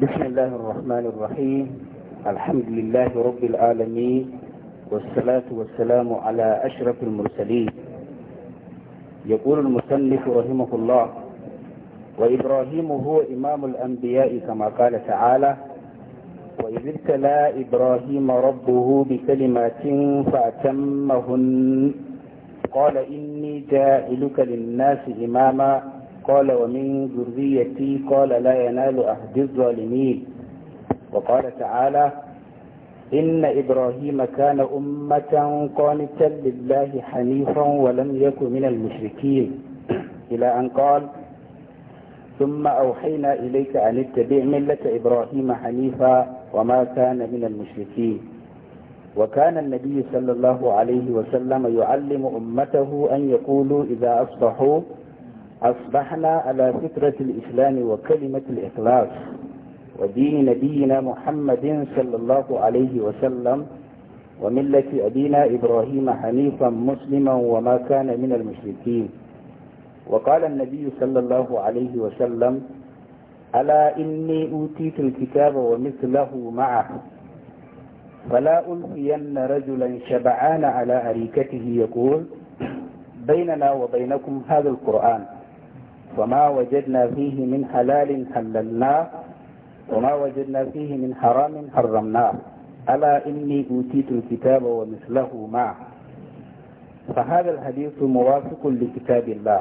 بسم الله الرحمن الرحيم الحمد لله رب العالمين والصلاة والسلام على أشرف المرسلين يقول المصنف رحمه الله وإبراهيم هو إمام الأنبياء كما قال تعالى وإذ ابتلى إبراهيم ربه بكلمات فأتمهن قال إني جائلك للناس إماما قال ومن ذريتي قال لا ينال عهد الظالمين وقال تعالى إن إبراهيم كان أمة قانتا لله حنيفا ولم يكن من المشركين إلى أن قال ثم أوحينا إليك أن اتبع ملة إبراهيم حنيفا وما كان من المشركين وكان النبي صلى الله عليه وسلم يعلم أمته أن يقولوا إذا أصبحوا أصبحنا على فكرة الإسلام وكلمة الإخلاص ودين نبينا محمد صلى الله عليه وسلم وملة أبينا إبراهيم حنيفا مسلما وما كان من المشركين وقال النبي صلى الله عليه وسلم ألا إني أوتيت الكتاب ومثله معه فلا ألفين رجلا شبعان على أريكته يقول بيننا وبينكم هذا القرآن وما وجدنا فيه من حلال حللناه وما وجدنا فيه من حرام حرمناه ألا إني أوتيت الكتاب ومثله معه فهذا الحديث موافق لكتاب الله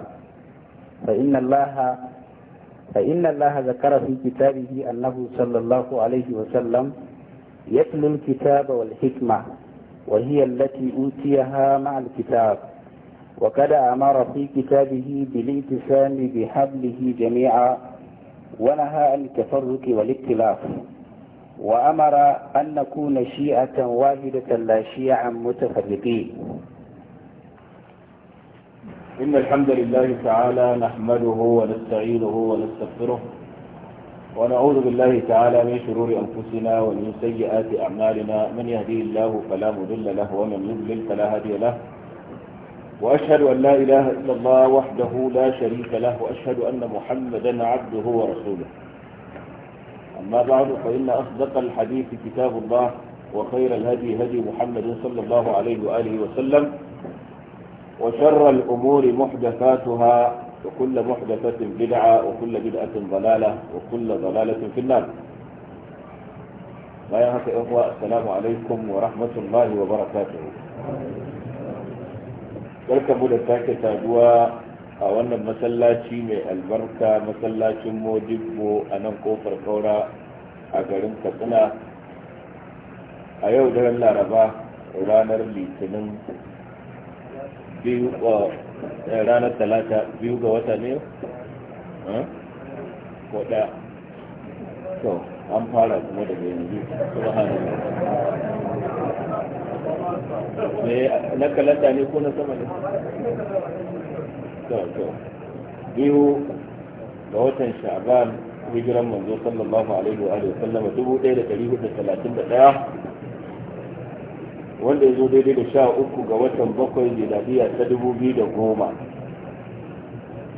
فإن الله فإن الله ذكر في كتابه أنه صلى الله عليه وسلم يتلو الكتاب والحكمة وهي التي أوتيها مع الكتاب وقد أمر في كتابه بالالتسام بحبله جميعا ونهى عن التفرق والاختلاف وأمر أن نكون شيعة واحدة لا شيعا متفرقين إن الحمد لله تعالى نحمده ونستعينه ونستغفره ونعوذ بالله تعالى من شرور أنفسنا ومن سيئات أعمالنا من يهدي الله فلا مضل له ومن يضلل فلا هادي له وأشهد أن لا إله إلا الله وحده لا شريك له وأشهد أن محمدا عبده ورسوله أما بعد فإن أصدق الحديث كتاب الله وخير الهدي هدي محمد صلى الله عليه وآله وسلم وشر الأمور محدثاتها وكل محدثة بدعة وكل بدعة ضلالة وكل ضلالة في النار لا يهك إخوة السلام عليكم ورحمة الله وبركاته barkamu da take taguwa a wannan masallaci mai albarka masallacin modibbo a nan kofar kaura a garin katsina a yau daren laraba ranar litinin eh, ranar talata biyu ga wata ne ko ɗaya to an fara kuma daga yanzu subhanallah na kalanta ne ko na sama ne biyu ga watan sha'ban hijiran manzo sallallahu alaihi wa alihi sallama dubu wanda ya zo daidai da sha uku ga watan bakwai jiladiya ta dubu biyu da goma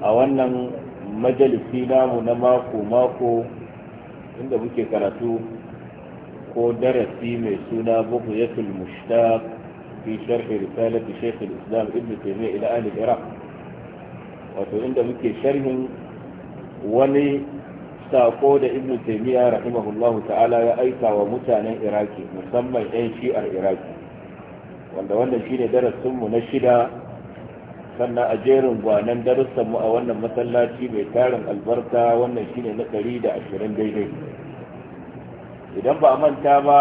a wannan majalisi namu na mako-mako inda muke karatu ko darasi mai suna bugu ya mushtaq في شرح رسالة شيخ الإسلام ابن تيمية إلى أهل العراق وعند مكي شرح ولي sako da ibn taymiya rahimahullahu ta'ala ya aika wa mutanen iraki musamman yan shi'ar iraki wanda wannan shine darasin mu na shida sannan a jerin gwanan darussan mu a wannan masallaci mai tarin albarka wannan shine na 120 daidai idan ba a manta ba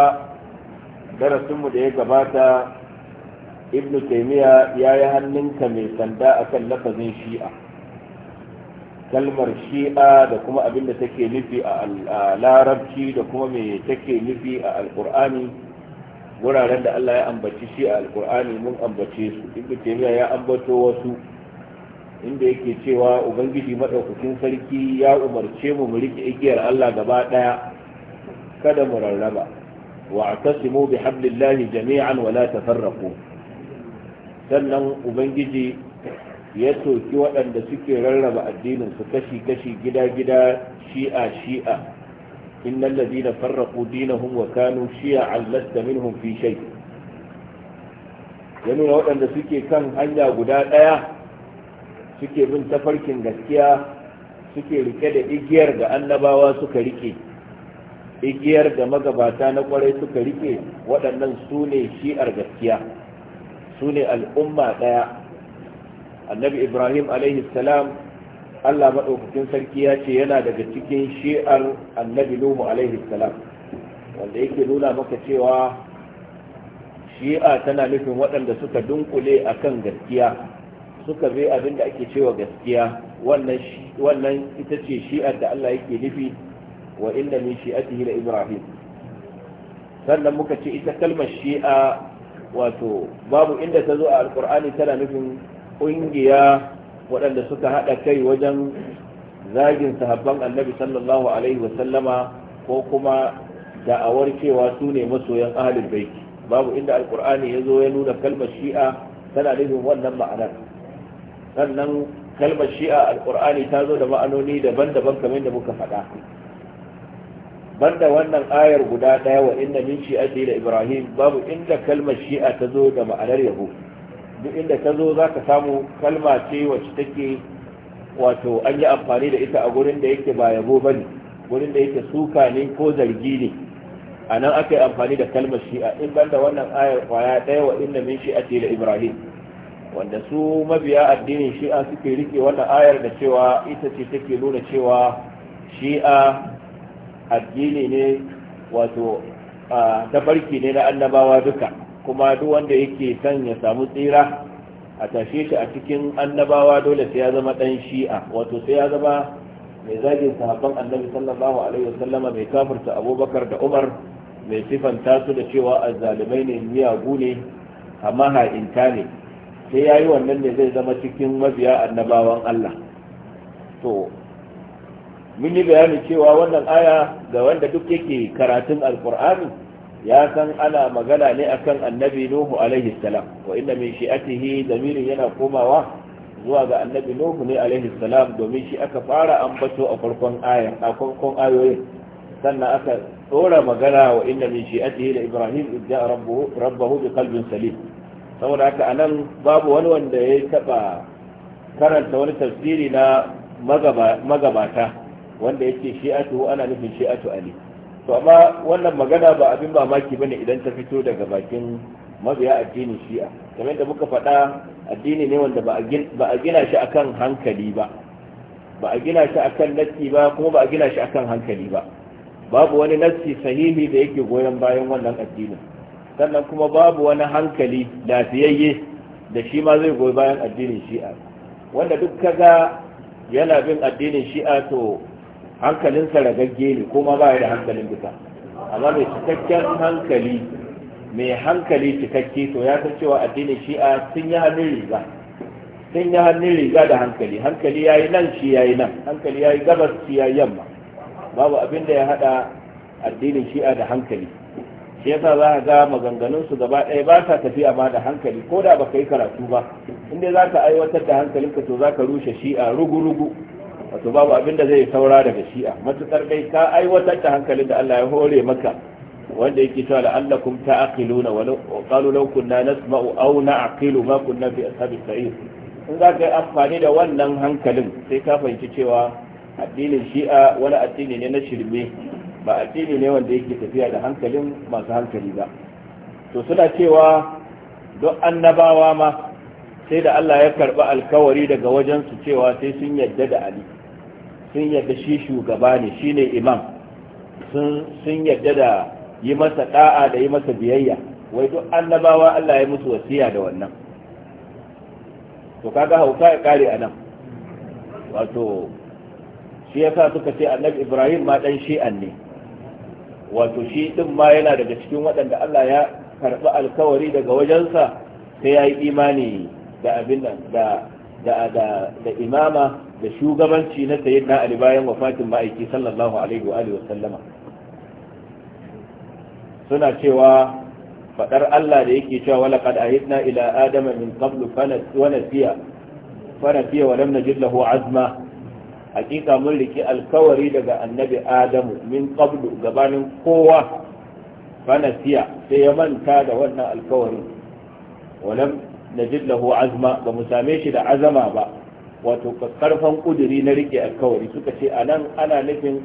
darasin mu da ya gabata ibn taimiya ya yi hannunka mai sanda akan lafazin shi'a kalmar shi'a da kuma abin da take nufi a larabci da kuma mai take nufi a alkur'ani wuraren da Allah ya ambaci shi'a alkur'ani mun ambace su ibn taymiya ya ambato wasu inda yake cewa ubangiji madaukakin sarki ya umarce mu mu rike igiyar Allah gaba daya kada mu rarraba wa atasimu bihablillahi jami'an wala ta tafarraqu sannan ubangiji ya soki waɗanda suke rarraba addinin su kashi kashi gida gida shi'a shi'a innal ladina farraqu dinahum wa kanu shi'an lasta minhum fi shay ya nuna waɗanda suke kan hanya guda ɗaya suke bin tafarkin gaskiya suke rike da igiyar da annabawa suka rike igiyar da magabata na kwarai suka rike waɗannan su ne shi'ar gaskiya su ne al'umma ɗaya annabi ibrahim salam allah maɗaukakin sarki ya ce yana daga cikin shi'ar annabi nuhu alaihi salam wanda yake nuna maka cewa shi'a tana nufin waɗanda suka dunkule akan gaskiya suka bi abin da ake cewa gaskiya wannan ita ce shi'ar da allah yake nufi wa inna min shi'atihi la ibrahim sannan muka ce ita kalmar shi'a wato babu inda ta zo a alkur'ani tana nufin ƙungiya waɗanda suka haɗa kai wajen zagin sahabban annabi sallallahu alaihi wasallama ko kuma da'awar cewa su ne masoyan ahalin baiki babu inda alkur'ani ya zo ya nuna kalmar shi'a tana nufin wannan ma'anar sannan kalmar shi'a alkur'ani ta zo da ma'anoni daban-daban kamar da muka faɗa banda wannan ayar guda daya wa inna min shi'ati da ibrahim babu inda kalmar shi'a ta zo da ma'anar yabo duk inda ta zo za ka samu kalma ce wacce take wato an yi amfani da ita a gurin da yake ba yabo ba ne gurin da yake suka ne ko zargi ne a nan aka yi amfani da kalmar shi'a in banda wannan ayar kwaya daya wa inna min shi'ati da ibrahim wanda su mabiya addinin shi'a suke rike wannan ayar da cewa ita ce take nuna cewa shi'a addini ne wato tafarki ne na annabawa duka kuma duk wanda yake son ya samu tsira a tashe shi a cikin annabawa dole sai ya zama dan shi'a wato sai ya zama mai zagin sahabban annabi sallallahu alaihi wasallama mai kafirta abubakar da umar mai sifanta su da cewa azzalumai ne miyagu ne amma ha'inta ne sai ya yi wannan ne zai zama cikin mabiya annabawan allah to mun yi bayani cewa wannan aya ga wanda duk yake karatun alkur'ani ya san ana magana ne akan annabi nuhu alaihi salam wa inna min shi'atihi zamirin yana komawa zuwa ga annabi nuhu ne alaihi salam domin shi aka fara ambato a farkon ayar a farkon ayoyin sannan aka dora magana wa inna min shi'atihi da ibrahim idda rabbuhu rabbahu bi qalbin salim saboda haka anan babu wani wanda ya taba karanta wani tafsiri na magabata wanda yake shi'atu ana nufin shi'atu ali to amma wannan magana ba abin mamaki bane idan ta fito daga bakin mabiya addinin shi'a kamar da muka faɗa addini ne wanda ba a gina shi akan hankali ba ba a gina shi akan nassi ba kuma ba a gina shi akan hankali ba babu wani nassi sahihi da yake goyon bayan wannan addinin sannan kuma babu wani hankali lafiyayye da shi ma zai goyi bayan addinin shi'a wanda duk kaga yana bin addinin shi'a to hankalinsa ragagge ne kuma ba ya da hankalin bisa amma mai cikakken hankali mai hankali cikakke to ya san cewa addinin shi'a sun yi hannun riga sun yi hannun riga da hankali hankali ya yi nan shi ya yi nan hankali ya yi gabas shi ya yi yamma babu abin da ya haɗa addinin shi'a da hankali shi yasa za ka ga maganganun su gaba ɗaya ba sa tafiya ma da hankali ko da baka yi karatu ba inda za ka aiwatar da hankalinka to za ka rushe shi'a rugu-rugu wato babu abin da zai saura daga shi'a matukar dai ka aiwatar da hankalin da Allah ya hore maka wanda yake cewa la'allakum ta'qiluna wa qalu law kunna nasma'u aw na'qilu ma kunna fi ashabis sa'ir in za ka yi amfani da wannan hankalin sai ka fahimci cewa addinin shi'a wani addini ne na shirme ba addini ne wanda yake tafiya da hankalin masu hankali ba to suna cewa don annabawa ma sai da Allah ya karba alkawari daga wajensu cewa sai sun yadda da Ali sun yadda shi shugaba ne shi ne imam sun yadda da yi masa ɗa'a da yi masa biyayya wai duk annabawa Allah ya musu wasiya da wannan to kaga hauka ya kare a nan wato shi ya sa suka ce annabi Ibrahim ma dan shi'an ne wato shi din ma yana daga cikin waɗanda Allah ya karɓi alkawari daga wajensa sai ya yi imani da abin da da imama da shugabanci na sayyidina ali bayan wafatin ma'aiki sallallahu alaihi wa alihi wasallama suna cewa fadar Allah da yake cewa walaqad ahidna ila adama min qablu wa nasiya fa nasiya wa lam najid lahu azma hakika mun riki alkawari daga annabi adamu min qablu gabanin kowa fa sai ya manta da wannan alkawarin wa najid lahu azma ba mu same shi da azama ba wato karfan kuduri na rike alkawari suka ce anan ana nufin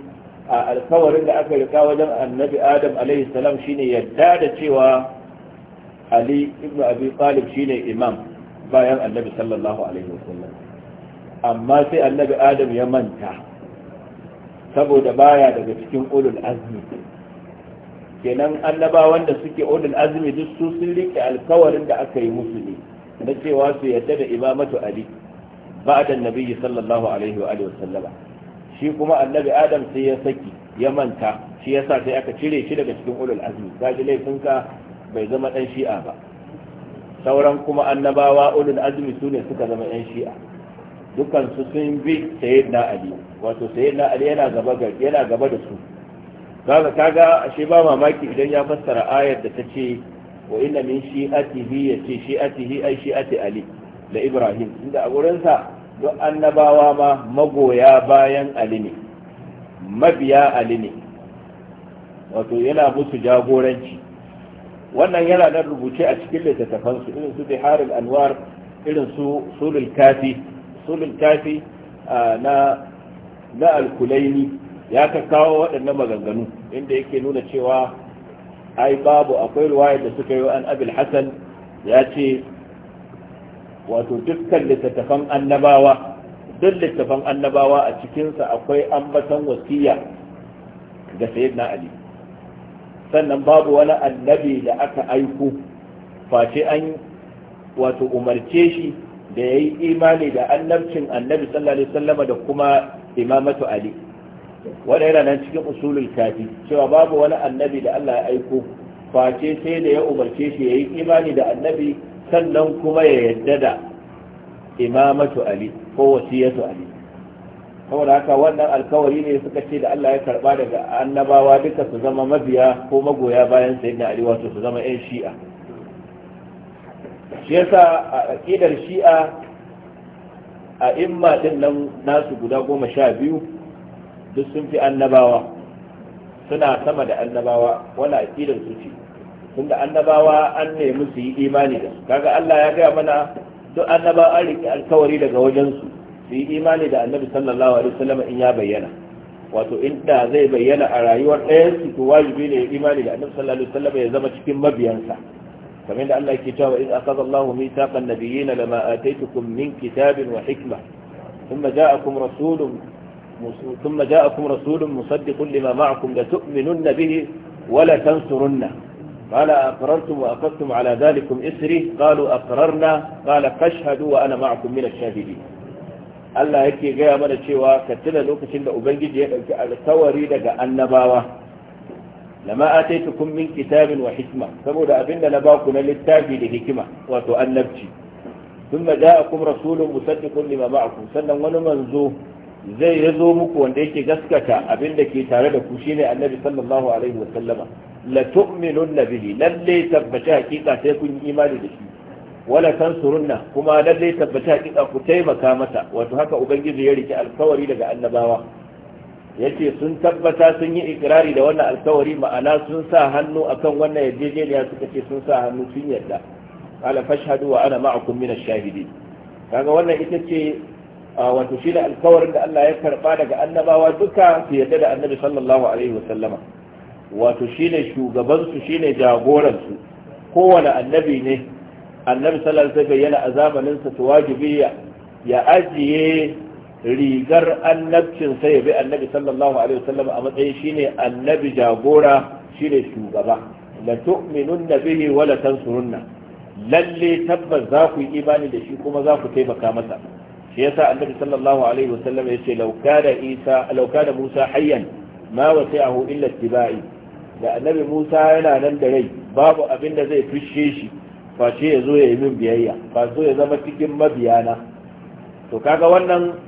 a alkawarin da aka rika wajen annabi adam alaihi salam shine yadda da cewa ali ibnu abi talib shine imam bayan annabi sallallahu alaihi wasallam amma sai annabi adam ya manta saboda baya daga cikin ulul azmi kenan annabawan da suke ulul azmi duk su sun rike alkawarin da aka yi musu ne na cewa su yadda da imamatu ali Ba ba'da nabiyyi sallallahu alaihi wa alihi wasallama shi kuma annabi adam sai ya saki ya manta shi yasa sai aka cire shi daga cikin ulul azmi kaji laifinka bai zama dan shi'a ba sauran kuma annabawa ulul azmi su ne suka zama yan shi'a su sun bi sayyidina ali wato sayyidina ali yana gaba yana gaba da su kaga kaga shi ba mamaki idan ya fassara ayar da ta ce wa inna min shi'atihi ce shi'atihi ai shi'ati ali da ibrahim inda a gurin sa duk annabawa ma magoya bayan ali ne mabiya ali ne wato yana musu jagoranci wannan yana nan rubuce a cikin littattafansu su irin su biharul anwar irin su sulul kafi sulul kafi na na alkulaini ya ka kawo waɗannan maganganu inda yake nuna cewa ai babu akwai ruwayar da suka yi an abil hasan ya ce wato dukkan littattafan annabawa duk littattafan annabawa a cikinsa akwai ambaton wasiya ga sayyidina ali sannan babu wani annabi da aka aiko face an wato umarce shi da ya yi imani da annabcin annabi sallallahu alaihi wasallama da kuma imamatu ali wanda yana nan cikin usulul kafi cewa babu wani annabi da Allah ya aiko face sai da ya umarce shi yayi imani da annabi sannan kuma ya yadda da imamatu ali ko wasiyatu ali saboda haka wannan alkawari ne suka ce da Allah ya karba daga annabawa duka su zama mabiya ko magoya bayan sayyidina ali wato su zama yan shi'a shi yasa a aqidar shi'a a imma din nan nasu guda goma sha biyu duk sun fi annabawa suna sama da annabawa wala aqidar su ce tun da annabawa an nemi su yi imani da su kaga Allah ya gaya mana duk annabawa an riƙe alkawari daga wajen su su yi imani da annabi sallallahu alaihi wasallam in ya bayyana wato inda zai bayyana a rayuwar ɗayan su to wajibi ne ya imani da annabi sallallahu alaihi wasallam ya zama cikin mabiyansa kamar da Allah yake cewa in aqada Allahu mithaqan nabiyyin lama ataytukum min kitabin wa hikma ثم جاءكم رسول ثم جاءكم رسول مصدق لما معكم لتؤمنن به ولا تنصرنه قال أقررتم وأخذتم على ذلكم إسري قالوا أقررنا قال فاشهدوا وأنا معكم من الشاهدين Allah yake gaya mana cewa ka tuna lokacin da Ubangiji ya ɗauki alkawari daga annabawa lama ataitukum min kitabin wa hikma saboda abinda na ba ku na littafi da hikima wato annabci tun thumma ja'akum rasulun musaddiqun lima ma'akum sannan wani manzo zai ya zo muku wanda yake gaskata abin da ke tare da ku shine annabi sallallahu alaihi wa sallama la bihi lalle tabbata hakika sai kun yi imani da shi wala tansurunna kuma lalle tabbata hakika ku taimaka masa wato haka ubangiji ya rike alkawari daga annabawa yace sun tabbata sun yi ikrari da wannan alkawari ma'ana sun sa hannu akan wannan yarjejeniya suka ce sun sa hannu sun yarda qala fashhadu wa ana ma'akum min ash-shahidin kaga wannan ita ce wato shi ne alkawarin da Allah ya karba daga annabawa duka su yadda da annabi sallallahu alaihi wasallama wato shi ne shugabansu shi ne jagoransu kowane annabi ne annabi sallallahu alaihi wasallam yana a zamaninsa ta wajibi ya ajiye rigar annabcin sai ya bi annabi sallallahu alaihi wasallam a matsayin shine annabi jagora shine shugaba la tu'minunna bihi wa la tansurunna lalle tabbas za ku yi imani da shi kuma za ku taimaka masa shi yasa annabi sallallahu alaihi wasallam yace law kana isa law da musa hayyan ma wasi'ahu illa ittiba'i da annabi musa yana nan da rai babu abin da zai fishe shi face ya zo ya yi min biyayya ba zo ya zama cikin mabiyana to kaga wannan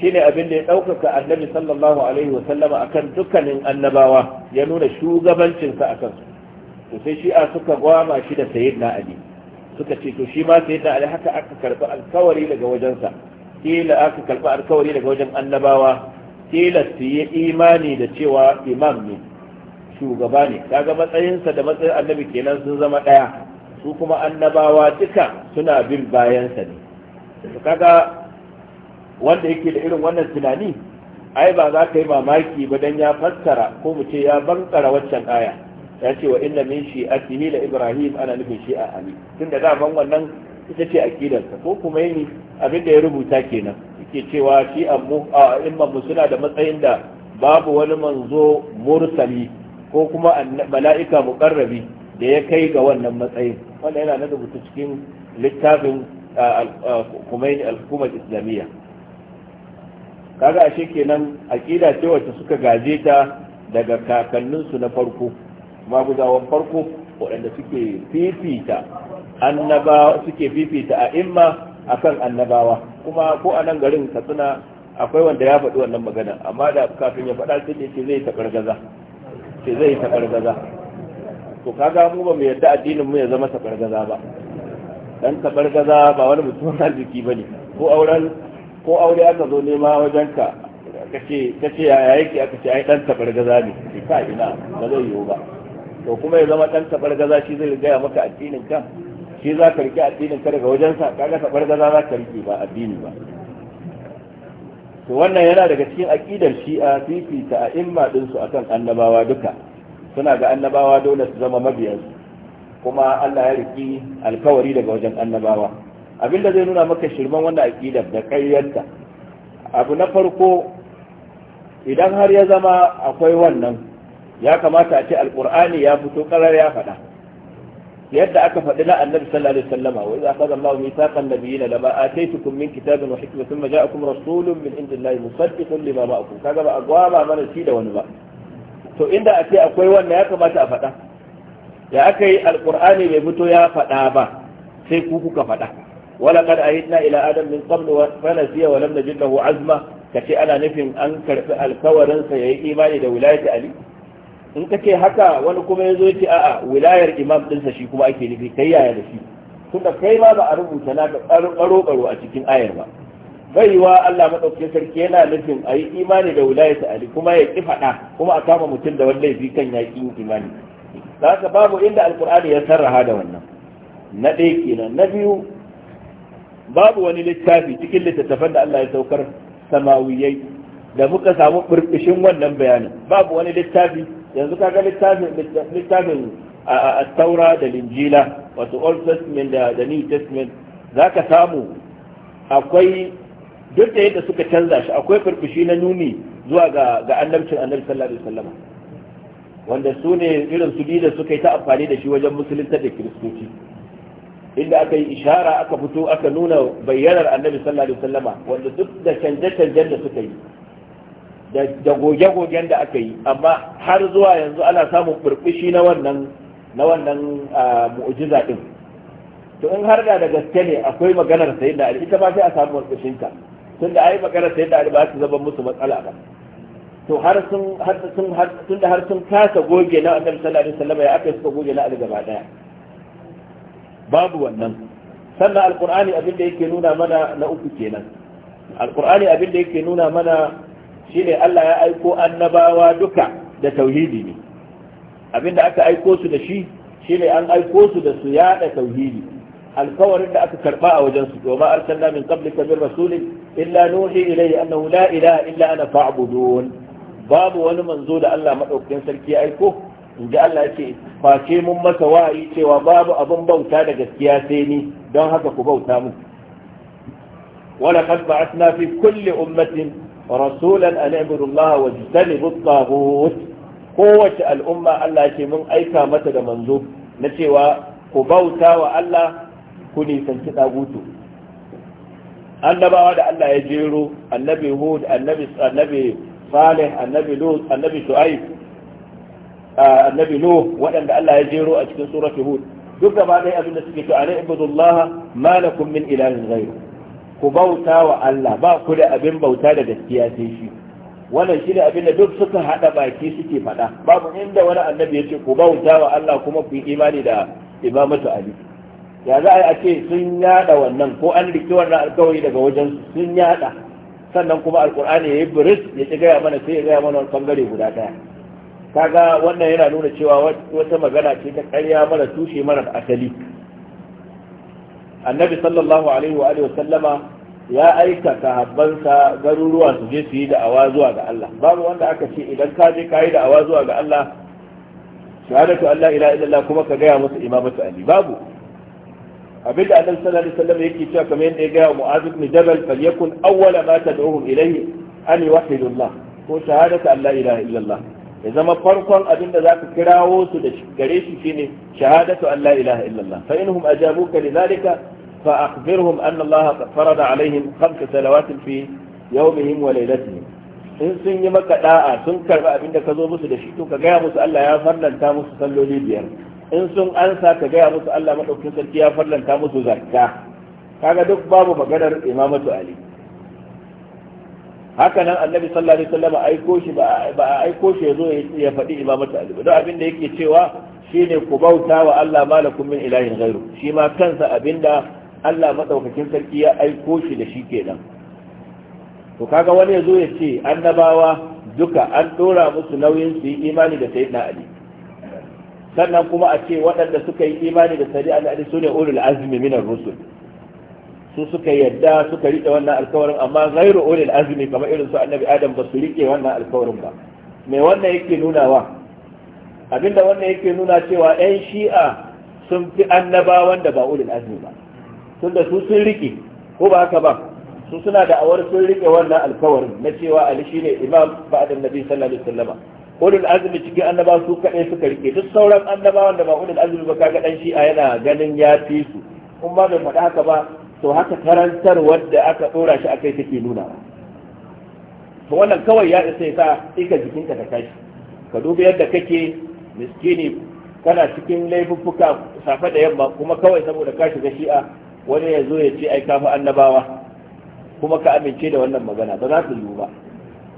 shine abin da ya ɗaukaka annabi sallallahu alaihi wasallama akan dukkanin annabawa ya nuna shugabancinsa akan su to sai shi'a suka gwama shi da sayyidina ali suka ce to shi ma sayyidina ali haka aka karɓi alkawari daga wajensa kila aka karɓi alkawari daga wajen annabawa kila su yi imani da cewa imam ne shugaba ne kaga matsayinsa da matsayin annabi kenan sun zama ɗaya su kuma annabawa duka suna bin bayansa ne kaga wanda yake da irin wannan tunani ai ba za ka yi mamaki ba dan ya fassara ko mu ce ya bankara waccan aya ya ce wa inna min shi'atihi la ibrahim ana nufin shi'a ali tunda da ban wannan ita ce aqidarsa ko kuma yi abin da ya rubuta kenan yake cewa shi ammu a suna da matsayin da babu wani manzo mursali ko kuma mala'ika muqarrabi da ya kai ga wannan matsayin wanda yana na rubuta cikin littafin kumaini al Islamiyya kaga ashe kenan aƙida ce wacce suka gaje ta daga kakanninsu na farko maguzawan farko waɗanda suke fifita annabawa suke fifita a imma a kan annabawa kuma ko a nan garin katsina akwai wanda ya faɗi wannan magana amma da kafin ya faɗa sai ce zai ta kargaza ce zai ta to kaga mu ba mu yarda addinin mu ya zama taɓar gaza ba dan taɓar gaza ba wani mutum arziki ne ko auren ko aure aka zo nema wajen ka kace kace yaya yake aka ce ai dan taɓar gaza ne ka ina ba zai yiwu ba to kuma ya zama dan taɓar gaza shi zai gaya maka addinin kan. shi za ka rike addinin ka daga wajen wajensa kaga sabar da za ka rike ba addini ba to wannan yana daga cikin aqidar shi'a fifita a imma din su akan annabawa duka suna ga annabawa dole su zama mabiyan su kuma Allah ya riki alkawari daga wajen annabawa abinda zai nuna maka shirman wannan aqidar da kayyanta abu na farko idan har ya zama akwai wannan ya kamata a ce alkur'ani ya fito karar ya faɗa yadda aka faɗi na annabi sallallahu alaihi wasallama wa idza akhadha Allahu mithaqan nabiyyin lama ataytukum min kitabin wa hikmatin thumma ja'akum rasulun min indillahi musaddiqun lima ma'akum kaga ba agwaba mana shi da wani ba to inda a ce akwai wannan ya kamata a faɗa ya aka yi alqur'ani bai fito ya faɗa ba sai ku kuka faɗa wala qad ahidna ila adam min qabl wa fanasiya wa lam najid lahu azma kace ana nufin an karbi alkawarin sa yayi imani da wilayati ali in ka ce haka wani kuma ya zo ce a'a wilayar imam ɗinsa shi kuma ake nufi kai yaya da shi tunda kai ma ba a rubuta na da ƙaro-ƙaro a cikin ayar ba baiwa Allah madaukakin sarki yana nufin a yi imani da wilayar ali kuma ya ƙi faɗa kuma a kama mutum da wani laifi kan ya imani za ka babu inda alkur'ani ya sarraha da wannan na ɗaya kenan na biyu babu wani littafi cikin littattafan da Allah ya saukar samawiyai da muka samu burbushin wannan bayanin babu wani littafi yanzu kaga littafin littafin at-taura da linjila wato old testament da new testament zaka samu akwai duk da yadda suka canza shi akwai furfushi na nuni zuwa ga annabcin annabi sallallahu alaihi wasallam wanda su ne irin su da suka yi ta amfani da shi wajen musulunta da kiristoci inda aka yi ishara aka fito aka nuna bayyanar annabi sallallahu alaihi wanda duk da canje-canjen da suka yi da goge-gogen da aka yi amma har zuwa yanzu ana samun furfushi na wannan na wannan mu'jiza din to in har da da gaske ne akwai maganar sai da ali ita ba sai a samu furfushin ta tun da ai maganar sai da ali ba su zaban musu matsala ba to har sun har sun har tun da har sun kasa goge na annabi sallallahu alaihi wasallam ya aka suka goge na ali gaba daya babu wannan sannan alqur'ani abin da yake nuna mana na uku kenan alqur'ani abin da yake nuna mana ne Allah ya aiko annabawa duka da tauhidi ne abinda aka aiko su da shi shine an aiko su da su yada tauhidi alkawarin da aka karba a wajen su domin arsalna min qabli min rasulin illa nuhi ilayhi annahu la ilaha illa ana fa'budun babu wani manzo da Allah madaukakin sarki ya aiko inda Allah ya ce face mun masa wa'ayi cewa babu abin bauta da gaskiya sai ni don haka ku bauta mu ولقد بعثنا في كل أمة rasulan an ibudu Allah wa jitanibu tsahut kowace al'umma Allah ce mun aika mata da manzo na cewa ku bauta wa Allah ku nisanci annabawa da Allah ya jero annabi hud annabi annabi salih annabi lut annabi shu'aib annabi nuh waɗanda Allah ya jero a cikin suratul hud duk gaba ɗaya abinda suke to ana ibudullah ma lakum min ilahin ghayru ku bauta wa Allah ba ku da abin bauta da gaskiya sai shi wannan shi da abin da duk suka haɗa baki suke faɗa babu inda wani annabi ya ce ku bauta wa Allah kuma ku yi imani da imamatu Ali ya za a ce sun yada wannan ko an riki wannan alkawari daga wajen sun yada sannan kuma alkur'ani ya yi biris ya ci gaya mana sai ya gaya mana wani bangare guda daya kaga wannan yana nuna cewa wata magana ce ta karya mara tushe mara asali annabi sallallahu alaihi wa alihi sallama ya aika sahabbansa garuruwa su je su yi da'awa zuwa ga Allah babu wanda aka ce idan ka je ka yi da'awa zuwa ga Allah shahadatu Allah ila illallah kuma ka gaya musu imamatu ali babu abinda annabi sallallahu alaihi wasallam yake cewa kamar yadda ya gaya mu'az ibn jabal falyakun awwala ma tad'uhum ilayhi an yuwahhidullah ko shahadatu Allah ila illallah ya zama farkon abin da zaka kirawo su da gare shi shine shahadatu Allah ilaha illallah fa inhum ajabuka lidhalika فأخبرهم أن الله قد فرض عليهم خمس في يومهم وليلتهم in sun yi maka da'a sun karbi abin da ka zo musu da shi to ka gaya musu Allah ya farlanta musu salloli biyar in sun ansa ka gaya musu Allah madaukakin sarki ya farlanta musu zakka kaga duk babu maganar imamatu ali haka annabi sallallahu alaihi ba a aiko shi ya faɗi imamatu ali don abin da yake cewa shine ku bauta wa Allah malakum min ilahin ghairu shi ma kansa abinda Allah madaukakin sarki ya aiko shi da shi kenan to kaga wani yazo ya ce annabawa duka an dora musu nauyin su yi imani da sayyidina ali sannan kuma a ce waɗanda suka yi imani da sayyidina ali sune ulul azmi minar rusul su suka yadda suka riƙe wannan alkawarin amma ghairu ulul azmi kamar irin su annabi adam ba su riƙe wannan alkawarin ba me wannan yake nunawa abinda wannan yake nuna cewa 'yan shi'a sun fi annabawan da ba ulul azmi ba tunda su sun riƙe ko ba haka ba su suna da awar sun riƙe wannan alkawarin na cewa ali shine imam ba'da nabi sallallahu alaihi wasallama ulul azmi cikin annaba su kadai suka riƙe duk sauran annabawan da ba ulul azumi ba kaga dan shi'a yana ganin ya fi su kun ba bai faɗa haka ba to haka karantar wadda aka tsora shi akai take nuna to wannan kawai ya isa sa ika jikinka ta kashi ka dubi yadda kake miskini kana cikin laifuffuka safe da yamma kuma kawai saboda ka shiga shi'a wani ya zo ya ce ai kafa annabawa kuma ka amince da wannan magana ba za su yiwu ba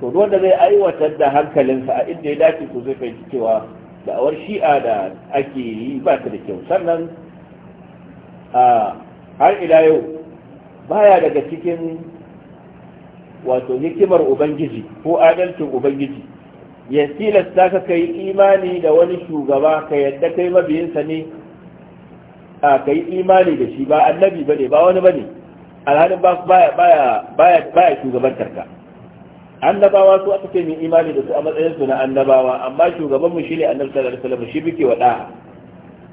to wanda zai aiwatar da hankalinsa a inda ya dace ko zai fahimci cewa da'awar shi'a da ake yi ba ta da kyau sannan a har ila yau baya daga cikin wato hikimar ubangiji ko adalcin ubangiji ya tilasta ka kai imani da wani shugaba ka yadda kai mabiyinsa ne a kai imani da shi ba annabi bane ba wani bane alhalin ba baya baya baya baya shugabantar ka annabawa su aka ce mai imani da su a matsayin su na annabawa amma shugaban mu shine annabi sallallahu alaihi wasallam shi bike wa da'a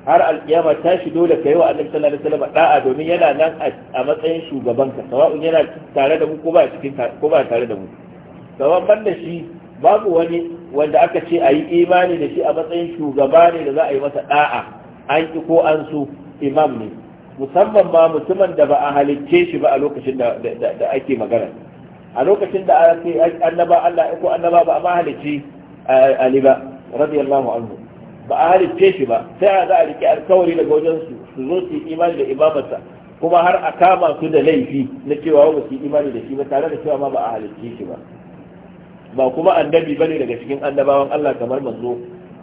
har alkiyama ta shi dole kai wa annabi sallallahu alaihi wasallam da'a domin yana nan a matsayin shugaban ka sawa'un yana tare da mu ko ba cikin ko ba tare da mu sawa'un banda shi babu wani wanda aka ce a yi imani da shi a matsayin shugaba ne da za a yi masa da'a an ki ko an so imam ne musamman ma mutumin da ba a halicce shi ba a lokacin da ake magana a lokacin da ake annaba Allah ko annaba ba a mahalicci halicci eh, Ali ba radiyallahu anhu ba a halicce shi ba sai a za a rike alkawari daga wajen su su zo su imani da imamarsa kuma har a kama su da laifi na cewa ba su imani da shi ba tare da cewa ma ba a halicce shi ba ba kuma annabi bane daga cikin annabawan Allah kamar manzo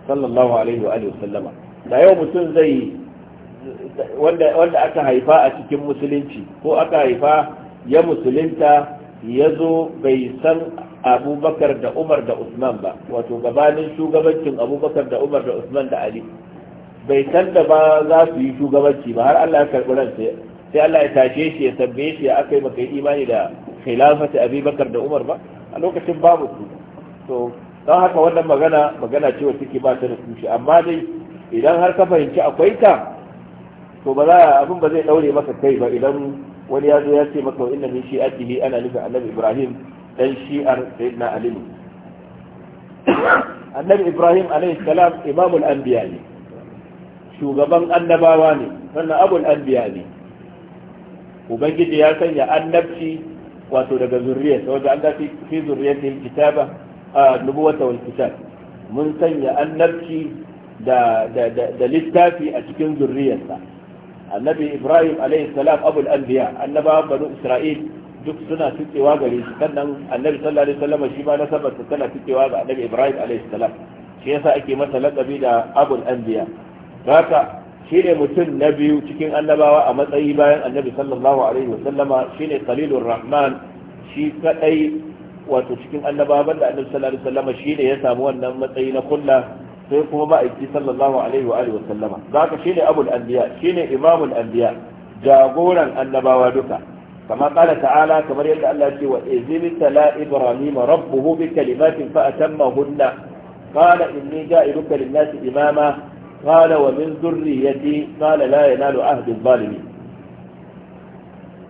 sallallahu alaihi wa sallama da yau mutum zai wanda aka haifa a cikin musulunci ko aka haifa ya musulunta ya zo bai san abubakar da umar da usman ba wato gabanin shugabancin abubakar da umar da usman da ali bai san da ba za su yi shugabanci ba har allah ya karɓi ransa sai allah ya tashe shi ya tambaye shi ya aka yi maka imani da khilafati abubakar da umar ba a lokacin babu su to don haka wannan magana magana ce wacce take ba ta da tushe amma dai idan har ka fahimci akwai ta to ba za abin ba zai daure maka kai ba idan wani ya zo ya ce maka inna min shi'atihi ana nufin annabi Ibrahim dan shi'ar sayyidina Ali annabi Ibrahim alaihi salam imamul anbiya ne shugaban annabawa ne sannan abul anbiya ne ubangiji ya sanya annabci wato daga zurriyarsa wanda an dafi fi zurriyarsa kitaba a nubuwata wal kitab mun sanya annabci da da da littafi a cikin zurriyarsa annabi ibrahim alaihi salam abul anbiya annaba banu isra'il duk suna fitewa gare shi sannan annabi sallallahu alaihi wasallam shi ma nasabar ta tana tutsewa ga annabi ibrahim alaihi salam shi yasa ake masa laqabi da abul anbiya haka shi ne mutum na biyu cikin annabawa a matsayi bayan annabi sallallahu alaihi wasallama shi ne khalilur rahman shi kadai wato cikin annabawa banda annabi sallallahu alaihi wasallama shi ne ya samu wannan matsayi na kulla sai kuma ma'aiki sallallahu alaihi wa alihi wasallama za ka shi abul anbiya shine imamul anbiya jagoran annabawa duka kama kala ta'ala kamar yadda Allah ya ce wa izni tala ibrahim rabbuhu bi kalimatin fa atammahunna qala inni ja'iluka lin-nasi imama qala wa min dhurriyyati qala la yanalu ahdi adh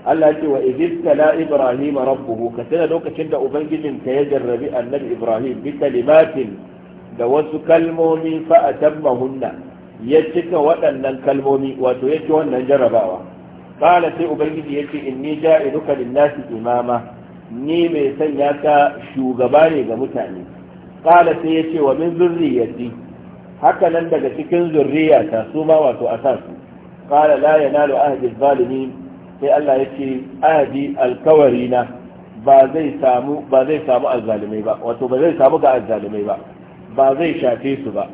Allah ya ce wa izni tala ibrahim rabbuhu ka lokacin da ubangijin ta ya jarrabi annabi ibrahim bi kalimatin da wasu kalmomi fa atammahunna ya cika waɗannan kalmomi wato ya ci wannan jarabawa Ƙala sai ubangiji yace in ja'iluka lin-nasi imama ni mai sanya ka shugaba ne ga mutane Ƙala sai ce wa min zurriyati haka nan daga cikin zurriyata su ma wato asasu qala la yanalu ahdi zalimin sai Allah yace ahdi alkawarina ba zai samu ba zai samu azzalimai ba wato ba zai samu ga azzalimai ba ba zai shafe su ba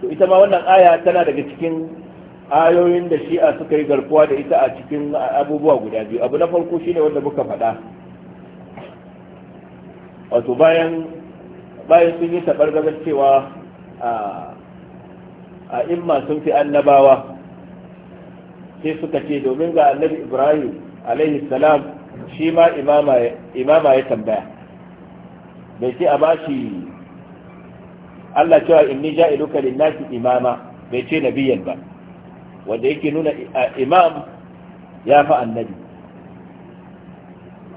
to ita ma wannan aya tana daga cikin ayoyin da shi'a suka yi garkuwa da ita a cikin abubuwa guda biyu abu na farko shine wanda muka faɗa wato bayan bayan sun yi taɓar gabar cewa a imma sun fi annabawa sai suka ce domin ga annabi ibrahim alaihi salam shi ma imama ya tambaya bai ce a bashi Allah cewa inni ja'iluka lin-nasi imama bai ce nabiyan ba wanda yake nuna imam ya fa annabi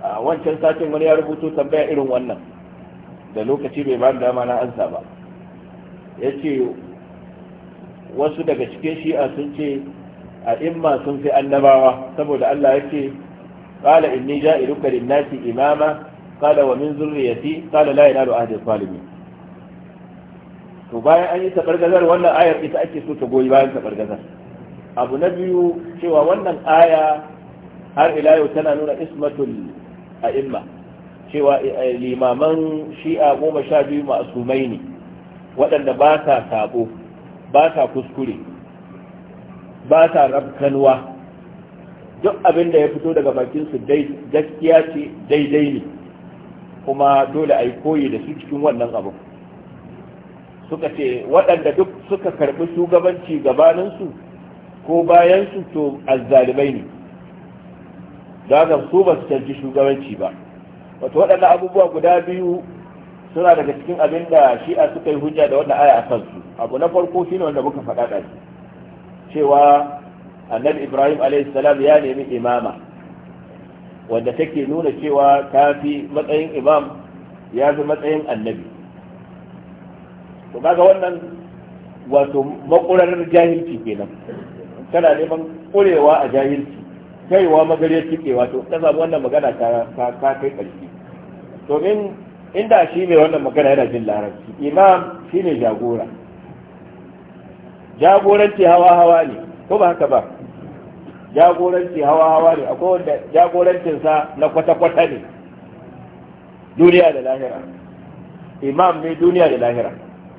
a wancan satin wani ya rubuto tambaya irin wannan da lokaci bai ba da dama na ansa ba Ya ce wasu daga cikin shi'a sun ce a imma sun fi annabawa saboda Allah ya yake qala inni ja'iluka lin-nasi imama qala wa min zurriyati qala la yanalu ahdi zalimin to bayan an yi tabargazar wannan ayar ita ake so ta goyi bayan tabargazar abu na biyu cewa wannan aya har ila yau tana nuna ismatul a'imma cewa eh, eh, limaman shi'a goma sha biyu mai ne waɗanda ba sa sabo ba sa kuskure ba sa rabkanwa duk abin da ya fito daga bakinsu gaskiya ce daidai ne kuma dole a yi koyi da su cikin wannan abu suka ce waɗanda duk suka karɓi shugabanci gabaninsu ko bayansu to azzalibai ne daga su ba su canji shugabanci ba wato waɗanda abubuwa guda biyu suna daga cikin abin da shi'a suka yi hujja da wanda aya a kansu abu na farko shine wanda muka faɗa ɗazu cewa annabi ibrahim salam ya nemi imama wanda take nuna cewa ta fi matsayin imam ya fi matsayin annabi to kaga wannan wato makurarar jahilci kenan kana neman kurewa a jahilci kaiwa magariyar cike wato ta samu wannan magana ta ka kai ƙarfi in inda shi ne wannan magana yana jin larabci imam shi ne jagora jagoranci hawa hawa ne ko ba haka ba jagoranci hawa hawa ne akwai wanda jagorancinsa na kwata-kwata ne duniya da lahira imam ne duniya da lahira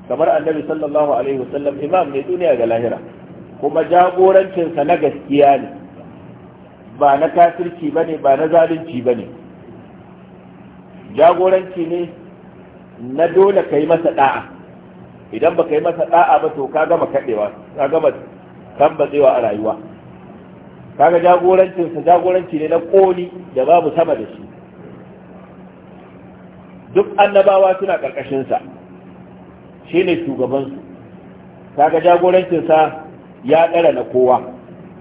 kamar annabi sallallahu alaihi wasallam imam ne duniya ga lahira kuma jagorancinsa na gaskiya ne ba na kafirci ba ne ba na zalunci ba ne jagoranci ne na dole ka yi masa da'a idan ba ka yi masa da'a ba to ka gama kaɗewa ka gama tambatsewa a rayuwa kaga jagorancinsa jagoranci ne na koli da babu sama da shi duk annabawa suna ƙarƙashinsa Shi ne shugabansu kaga jagorancinsa ya ɗara na kowa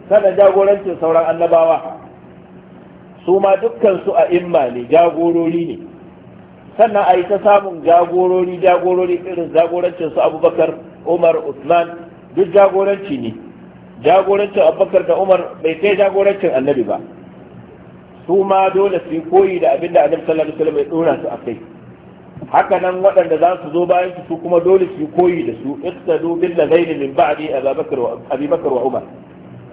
sannan jagorancin sauran annabawa su ma dukkansu a imma ne jagorori ne sannan a yi ta samun jagorori jagorori irin jagorancinsu abubakar umar usman duk jagoranci ne jagorancin abubakar da umar bai kai jagorancin annabi ba su ma dole su yi koyi da abin da annabi sallallahu alaihi wasallam ya dora su a kai haka nan waɗanda za su zo bayan su kuma dole su koyi da su iqtadu bil ladaini min ba'di abubakar wa abubakar wa umar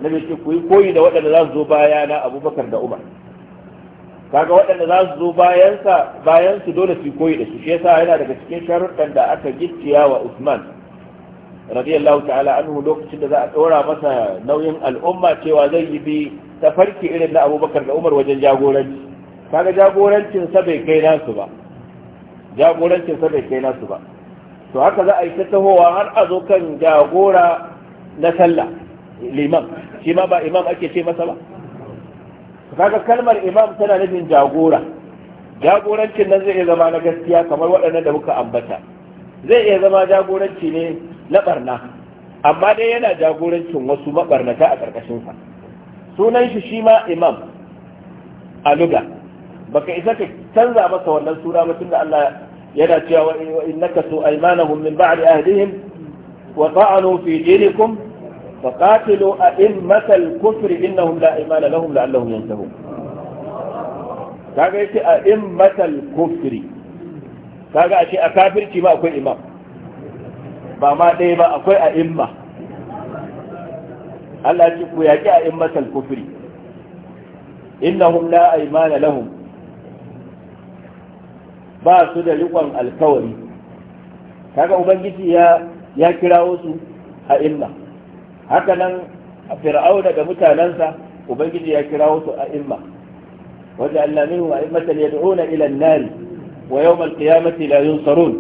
nabi ce ku yi koyi da waɗanda za su zo baya na abubakar da umar kaga waɗanda za su zo bayan sa bayan su dole su koyi da su shi yasa yana daga cikin sharuɗan da aka gicciya wa Usman radiyallahu ta'ala anhu lokacin da za a ɗora masa nauyin al'umma cewa zai yi bi tafarki irin na abubakar da umar wajen jagoranci kaga jagorancin sa bai kai nasu ba jagorancin sa bai kai nasu ba to haka za a yi ta har a zo kan jagora na sallah liman shi ma ba imam ake ce masa ba kaga kalmar imam tana nufin jagora jagorancin nan zai iya zama na gaskiya kamar waɗannan da muka ambata zai iya zama jagoranci ne na barna amma dai yana jagorancin wasu mabarnata a ƙarƙashinsa sunan shi shi ma imam a baka isa ka canza masa wannan suna mutum da Allah yana cewa wa innaka su aymanahum min ba'di ahdihim wa ta'anu fi dinikum fa qatilu a'immat al-kufr innahum la imana lahum la'allahum yantahun kaga yace a'immat al-kufr kaga ashe a kafirci ma akwai imam ba ma ɗaya ba akwai a a'imma Allah ya ce ku yaki a'immat al-kufr innahum la imana lahum ba su da rikon alkawari kaga ubangiji ya ya kirawo su a imma haka nan fir'auna da mutanensa ubangiji ya kirawo su a imma wajen allamihu a immatan yad'una ila an-nar wa yawm al-qiyamati la yunsarun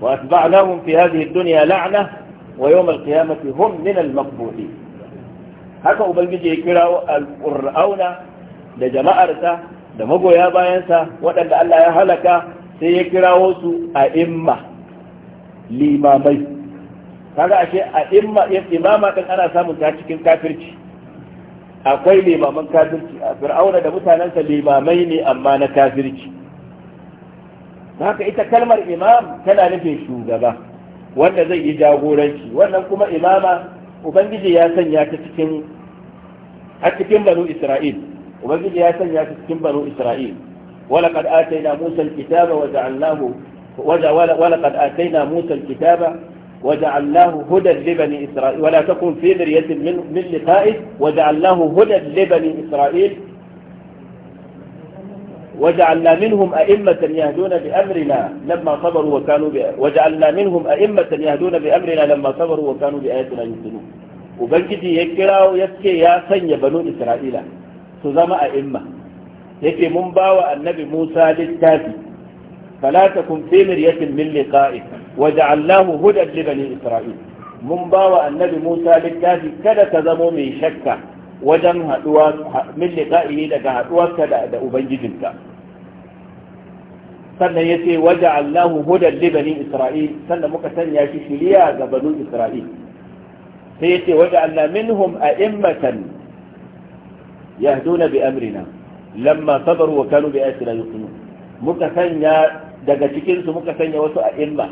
wa atba'nahum fi hadhihi ad-dunya la'na wa yawm al-qiyamati hum min al-maqbuhin haka ubangiji ya kirawo al-qur'auna da jama'arsa da magoya bayansa waɗanda Allah ya halaka sai ya kirawo su a imma limamai kaga ashe a imma imama din ana samun ta cikin kafirci akwai limaman kafirci a fir'auna da mutanensa limamai ne amma na kafirci haka ita kalmar imam tana nufin shugaba wanda zai yi jagoranci wannan kuma imama ubangiji ya sanya ta cikin a cikin banu isra'il ubangiji ya sanya ta cikin banu isra'il ولقد آتينا موسى الكتاب وجعلناه ولقد آتينا موسى الكتاب وجعلناه هدى لبني إسرائيل ولا تكن في مرية من, من لقائه وجعلناه هدى لبني إسرائيل وجعلنا منهم أئمة يهدون بأمرنا لما صبروا وكانوا وجعلنا منهم أئمة يهدون بأمرنا لما صبروا وكانوا بآياتنا يؤمنون وبنجدي يكراو يسكي يا سن بنو إسرائيل سزما أئمة yake mun ba wa annabi Musa littafi fala takum fi miryatin min liqa'i wa ja'alnahu hudan li bani isra'il mun ba wa annabi Musa littafi kada ka zamo mai shakka wajen haduwa min liqa'i daga haduwarka da da ubangijinka sannan yace wa ja'alnahu hudan li bani isra'il sannan muka sanya shi shiriya ga banu isra'il sai yace wa ja'alna minhum a'immatan yahduna bi amrina lamma sabaru wa kanu bi ayatina yuqinu muka sanya daga cikin su muka sanya wasu a ilma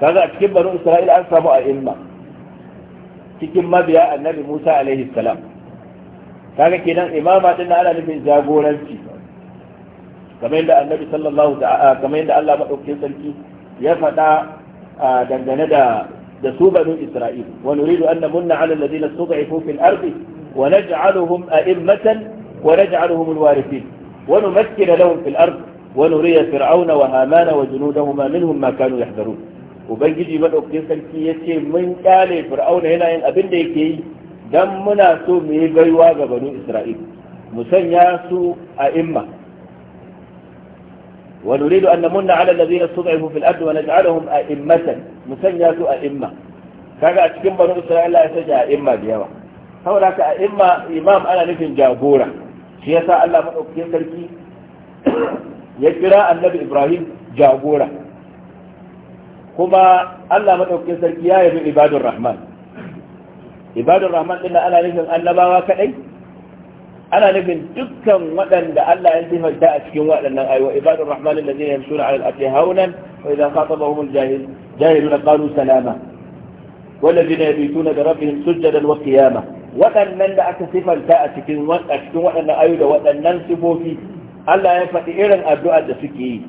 kaga a cikin banu isra'ila an samu a ilma cikin mabiya annabi Musa alaihi salam kaga kenan imama din ana nufin jagoranci kamar yadda annabi sallallahu ta'ala kamar yadda Allah madaukakin sarki ya faɗa dangane da da su banu Isra'il wa nuridu an namunna 'ala alladhina istud'ifu fil ardi wa naj'aluhum a'immatan ونجعلهم الوارثين ونمكن لهم في الأرض ونري فرعون وهامان وجنودهما منهم ما كانوا يحذرون ubangiji madaukakin sarki ya ce mun kyale fir'auna yana yin abin da yake yi dan muna so mu yi gaiwa ga banu isra'il mu su a imma wa nuridu an su a imma kaga a cikin banu isra'ila ya sace a imma da yawa saboda a imma imam ana nufin jagora shi sa Allah madaukakin sarki ya kira annabi Ibrahim jagora kuma Allah madaukakin sarki ya yabi ibadur rahman ibadur rahman din ana nufin annabawa kadai ana nufin dukkan waɗanda Allah ya sifanta a cikin waɗannan aiwa ibadur rahman allazina yamshuna 'ala al-ardi hawnan wa idha khatabahum al-jahil jahiluna qalu salama da يبيتون بربهم سجدا وقياما waɗannan da aka sifanta a cikin waɗannan ayu da waɗannan sifofi Allah ya faɗi irin addu'a da suke yi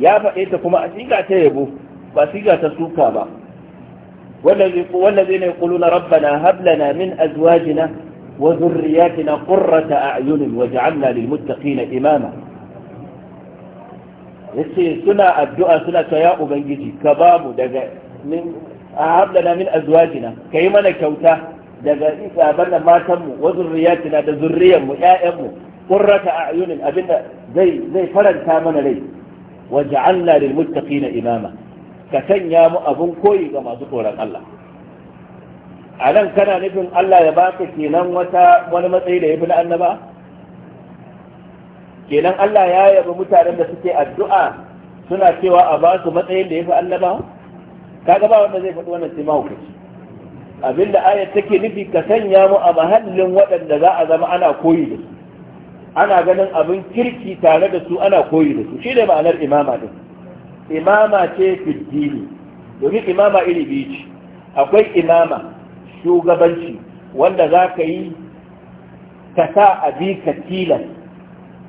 ya faɗe ta kuma a siga ta yabo ba siga ta suka ba na والذين يقولون ربنا هب لنا من أزواجنا وذرياتنا قرة أعين واجعلنا للمتقين إماما yace suna addu'a suna ta ya ubangiji ka babu daga min a hablana min azwajina kai mana kyauta daga isa bana matan matanmu wa zurriyatina da zurriyanmu ƴaƴanmu qurrata a'yunin abinda zai zai faranta mana rai wa ja'alna lil muttaqina imama ka sanya mu abun koyi ga masu tsoron Allah a nan kana nufin Allah ya baka kenan wata wani matsayi da ya na annaba kenan Allah ya yabi mutanen da suke addu'a suna cewa a ba su matsayin da ya fi annaba kaga ba wanda zai faɗi wannan sai mahaukaci abinda ayar take nufi ka sanya mu a mahallin waɗanda za a zama ana koyi da su ana ganin abin kirki tare da su ana koyi da su shi ne ma'anar imama din imama ce fiddini domin imama iri biyu ce akwai imama shugabanci wanda za ka yi ka sa a bi ka tilas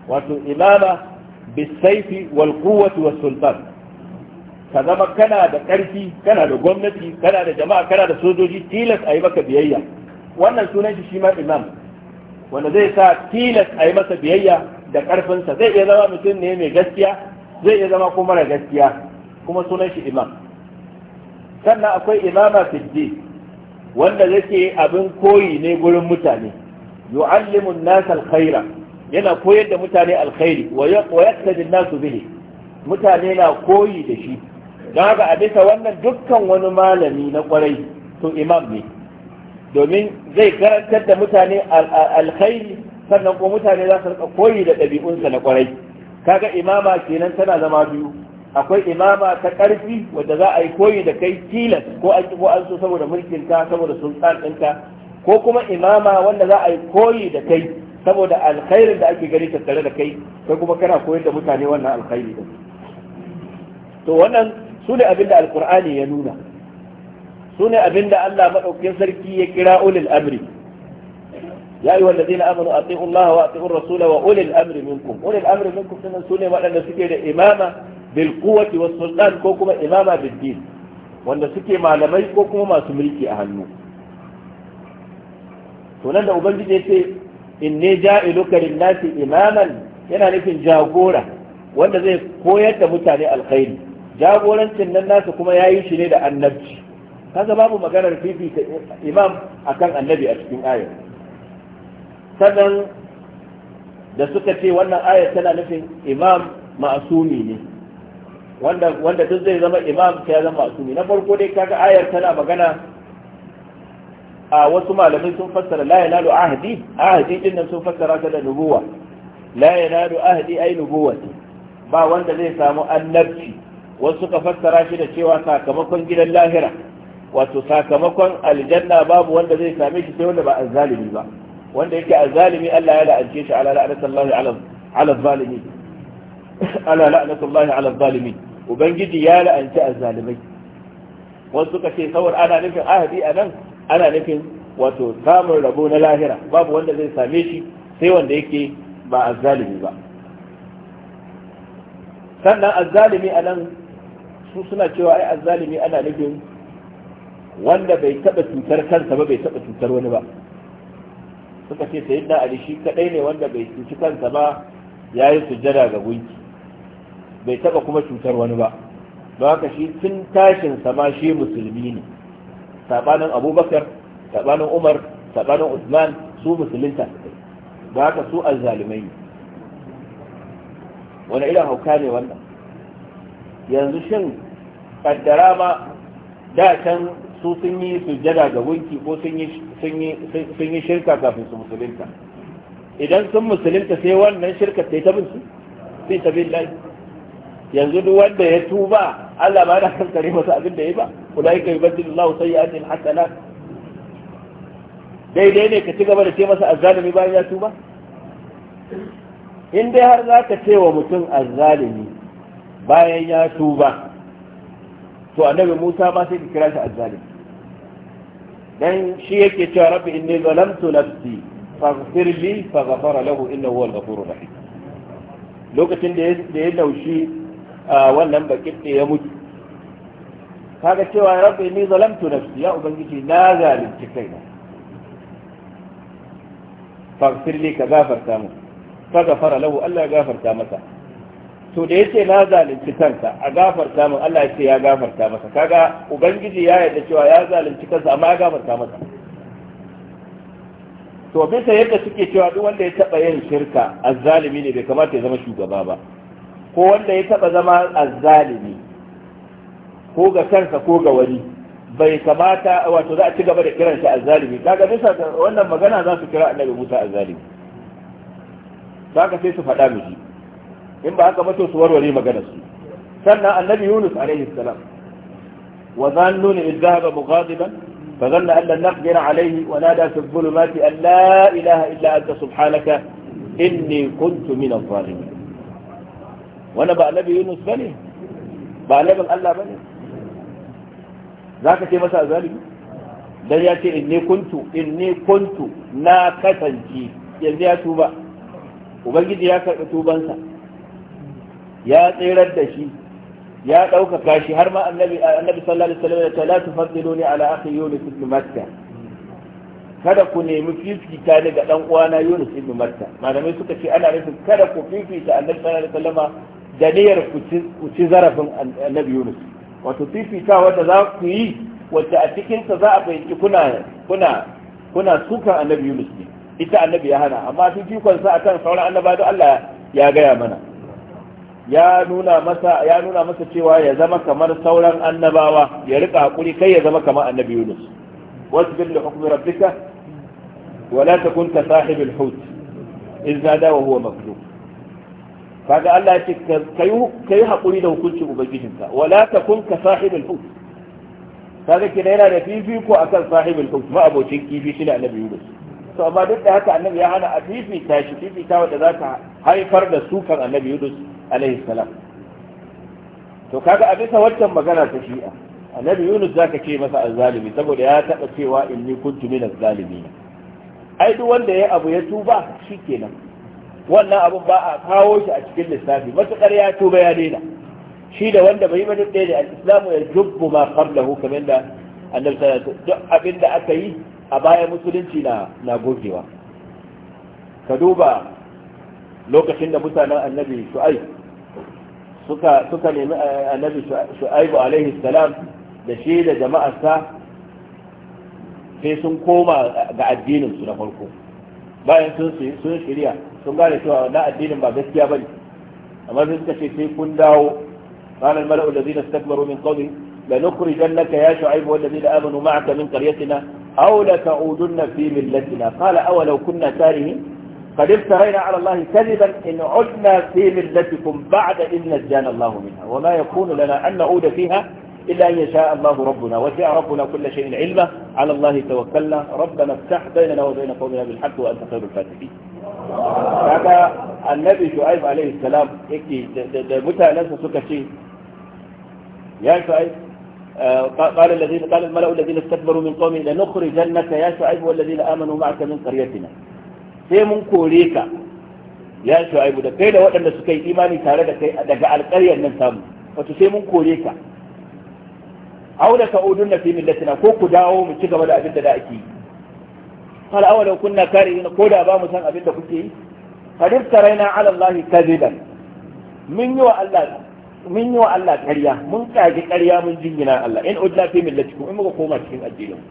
wato imama bisaifi wal kuwatu was sultan ka zama kana da ƙarfi kana da gwamnati kana da jama'a kana da sojoji tilas a yi maka biyayya wannan sunan shi shi ma imam wanda zai sa tilas a yi masa biyayya da ƙarfinsa zai iya zama mutum ne mai gaskiya zai iya zama kuma mara gaskiya kuma sunan shi imam sannan akwai imama fiddi wanda yake abin koyi ne gurin mutane yu'allimun nas alkhaira yana koyar da mutane alkhairi wa yaqtadi an bihi mutane na koyi da shi don a bisa wannan dukkan wani malami na kwarai to imam ne domin zai karantar da mutane alkhairi sannan ko mutane za su rika koyi da ɗabi'unsa na kwarai kaga imama kenan tana zama biyu akwai imama ta ƙarfi wadda za a yi koyi da kai tilas ko an ko an so saboda mulkin ka saboda sultan ɗinka ko kuma imama wanda za a yi koyi da kai saboda alkhairin da ake gani tattare da kai kai kuma kana koyar da mutane wannan alkhairi to wannan su ne abinda alkur'ani ya nuna su ne abinda Allah maɗaukin sarki ya kira ulil amri ya yi wallazi na amanu ati'u Allah wa ati'u rasula wa ulil amri minkum ulil amri minkum sunan su ne waɗanda suke da imama bil quwwati was sultan ko kuma imama bil din wanda suke malamai ko kuma masu mulki a hannu to nan da ubangiji ya ce inni ja'iluka lin-nasi imaman yana nufin jagora wanda zai koyar da mutane alkhairi jagorancin nan nasa kuma ya yi shi ne da annabci kaga babu maganar fifita imam akan annabi a cikin ayar sannan da suka ce wannan ayar tana nufin imam ma'asumi ne wanda wanda duk zai zama imam sai ya zama ma'asumi na farko dai kaga ayar tana magana a wasu malamai sun fassara la yanalu ahdi ahdi din nan sun fassara ta da nubuwa la yanalu ahdi ai nubuwati ba wanda zai samu annabci wasu ka fassara shi da cewa sakamakon gidan lahira wato sakamakon aljanna babu wanda zai same shi sai wanda ba azzalimi ba wanda yake azzalimi Allah ya la'ance shi ala la'natullahi ala ala zalimi ala la'natullahi ala zalimi ubangiji ya la'anci azzalimai wasu suka ce saboda ana nufin ahadi a nan ana nufin wato samun rabo na lahira babu wanda zai same shi sai wanda yake ba azzalimi ba sannan azzalimi nan. su suna cewa ai azzalimi ana nufin wanda bai taba cutar kansa ba bai taba cutar wani ba suka ce da ali shi kadai ne wanda bai cuci kansa ba yayi sujjada ga gunki bai taba kuma cutar wani ba don haka shi tun tashin sama shi musulmi ne sabanin abubakar sabanin umar sabanin usman su musulunta don haka su azzalimai wani ilan hauka ne wannan yanzu shin kaddara ba da can su sun yi sujjada ga gunki ko sun yi shirka kafin su musulunta idan sun musulunta sai wannan shirka ta yi ta binsu sai ta bin lai yanzu duk wanda ya tuba Allah ba da kankare masa abin da ya ba kula yake yubaddil Allah sayyi'atin hasanat daidai ne ka ci gaba da ce masa azzalimi bayan ya tuba in dai har za ka ce wa mutum azzalimi bayan ya tuba to annabi Musa ba sai kira shi azzalim dan shi yake cewa rabbi inni zalamtu nafsi faghfir li faghfara lahu innahu huwal ghafurur rahim lokacin da ya laushi wannan bakin da ya mutu kaga cewa rabbi inni zalamtu nafsi ya ubangiji na zalunci kaina faghfir li ka gafarta mu faghfara lahu Allah ya gafarta masa to da yace na zalunci kansa a gafarta mun. Allah yace ya gafarta masa kaga ubangiji ya yarda cewa ya zalunci kansa amma ya gafarta masa to bisa yadda suke cewa duk wanda ya taba yin shirka azzalimi ne bai kamata ya zama shugaba ba ko wanda ya taba zama azzalimi ko ga kansa ko ga wani bai kamata wato za a ci gaba da kiran shi azzalimi kaga bisa wannan magana za su kira annabi Musa azzalimi kaga sai su faɗa miji in ba haka mato su warware magana su sannan annabi yunus alaihi salam wa zannu ni idhaba mughadiban fa zanna an lan naqdir alaihi wa nada fi dhulumati an la ilaha illa anta subhanaka inni kuntu min adh-dhalimin wannan ba annabi yunus bane ba annabin Allah bane zaka ce masa zalimi dan ya ce inni kuntu inni kuntu na kasance yanzu ya tuba ubangiji ya karɓi tubansa ya tsirar da shi ya ɗaukaka shi har ma annabi sallallahu alaihi wasallam ya ce la ni ala akhi yunus ibn matta kada ku nemi fifita ne ga dan uwana yunus ibn matta malamai suka ce ana nufin kada ku fifita annabi sallallahu alaihi wasallam da niyyar ku ci zarafin annabi yunus wato fifita wanda za ku yi wacce a cikin ta za a fahimci kuna kuna kuna sukan annabi yunus ne ita annabi ya hana amma sa akan sauran annabawa don Allah ya gaya mana ya nuna masa cewa ya zama kamar sauran annabawa ya rika hakuri kai ya zama kamar annabi Yunus wasbir li hukmi rabbika wa la takun ka sahibil hut in zada wa huwa makdub kaga Allah ya ce kai kai hakuri da hukuncin ubangijinka wala ta kunta ka hut kaga ki kina yana da fifiko akan sahibil hut ma abocin kifi shine annabi Yunus to amma duk da haka annabi ya hana a fifita shi fifita wanda za ta haifar da sukan annabi Yunus alaihi salam to kaga a bisa waccan magana ta shi'a annabi yunus zaka ce masa azzalimi saboda ya taba cewa inni kuntu min azzalimin ai duk wanda ya abu ya tuba shikenan wannan abun ba a kawo shi a cikin lissafi matukar ya tuba ya daina shi da wanda bai ba duk da al-islamu ya jubbu ma qablahu kamar da annabi sallallahu alaihi wasallam duk aka yi a baya musulunci na na gogewa ka duba lokacin da mutanen annabi shu'aib suka nemi eh, annabi su'aibu alaihi salam da shi da sai sun koma ga addininsu na farko bayan sun shirya sun gane cewa na addinin ba gaskiya bane amma sai suka ce sai kun dawo ranar mala'ul da zina stagmar min kawai da nukuri don naka ya shu'aibu wanda zina amanu ma'aka min karyatina aula ta'udunna fi millatina qala awalau kunna tarihin قد افترينا على الله كذبا إن عدنا في ملتكم بعد إذ نجانا الله منها وما يكون لنا أن نعود فيها إلا أن يشاء الله ربنا وسع ربنا كل شيء علما على الله توكلنا ربنا افتح بيننا وبين قومنا بالحق وأنت خير الفاتحين هذا النبي شعيب عليه السلام هيك متى ناس suka شيء يا شعيب آه، قال الذين قال الملأ الذين استكبروا من قومه لنخرجنك يا شعيب والذين آمنوا معك من قريتنا sai mun kore ka ya shu'aibu da kai da waɗanda suka yi imani tare da kai daga alƙaryar nan samu wato sai mun kore ka au da ka'udun na fi millatina ko ku dawo mu ci gaba da abin da ake yi hal awalan kunna yi ko da ba mu san abin da kuke yi hadis taraina ala allah kadiban min yi wa allah mun yi wa Allah ƙarya mun kage ƙarya mun jingina Allah in udna fi millatikum in muka koma cikin addinin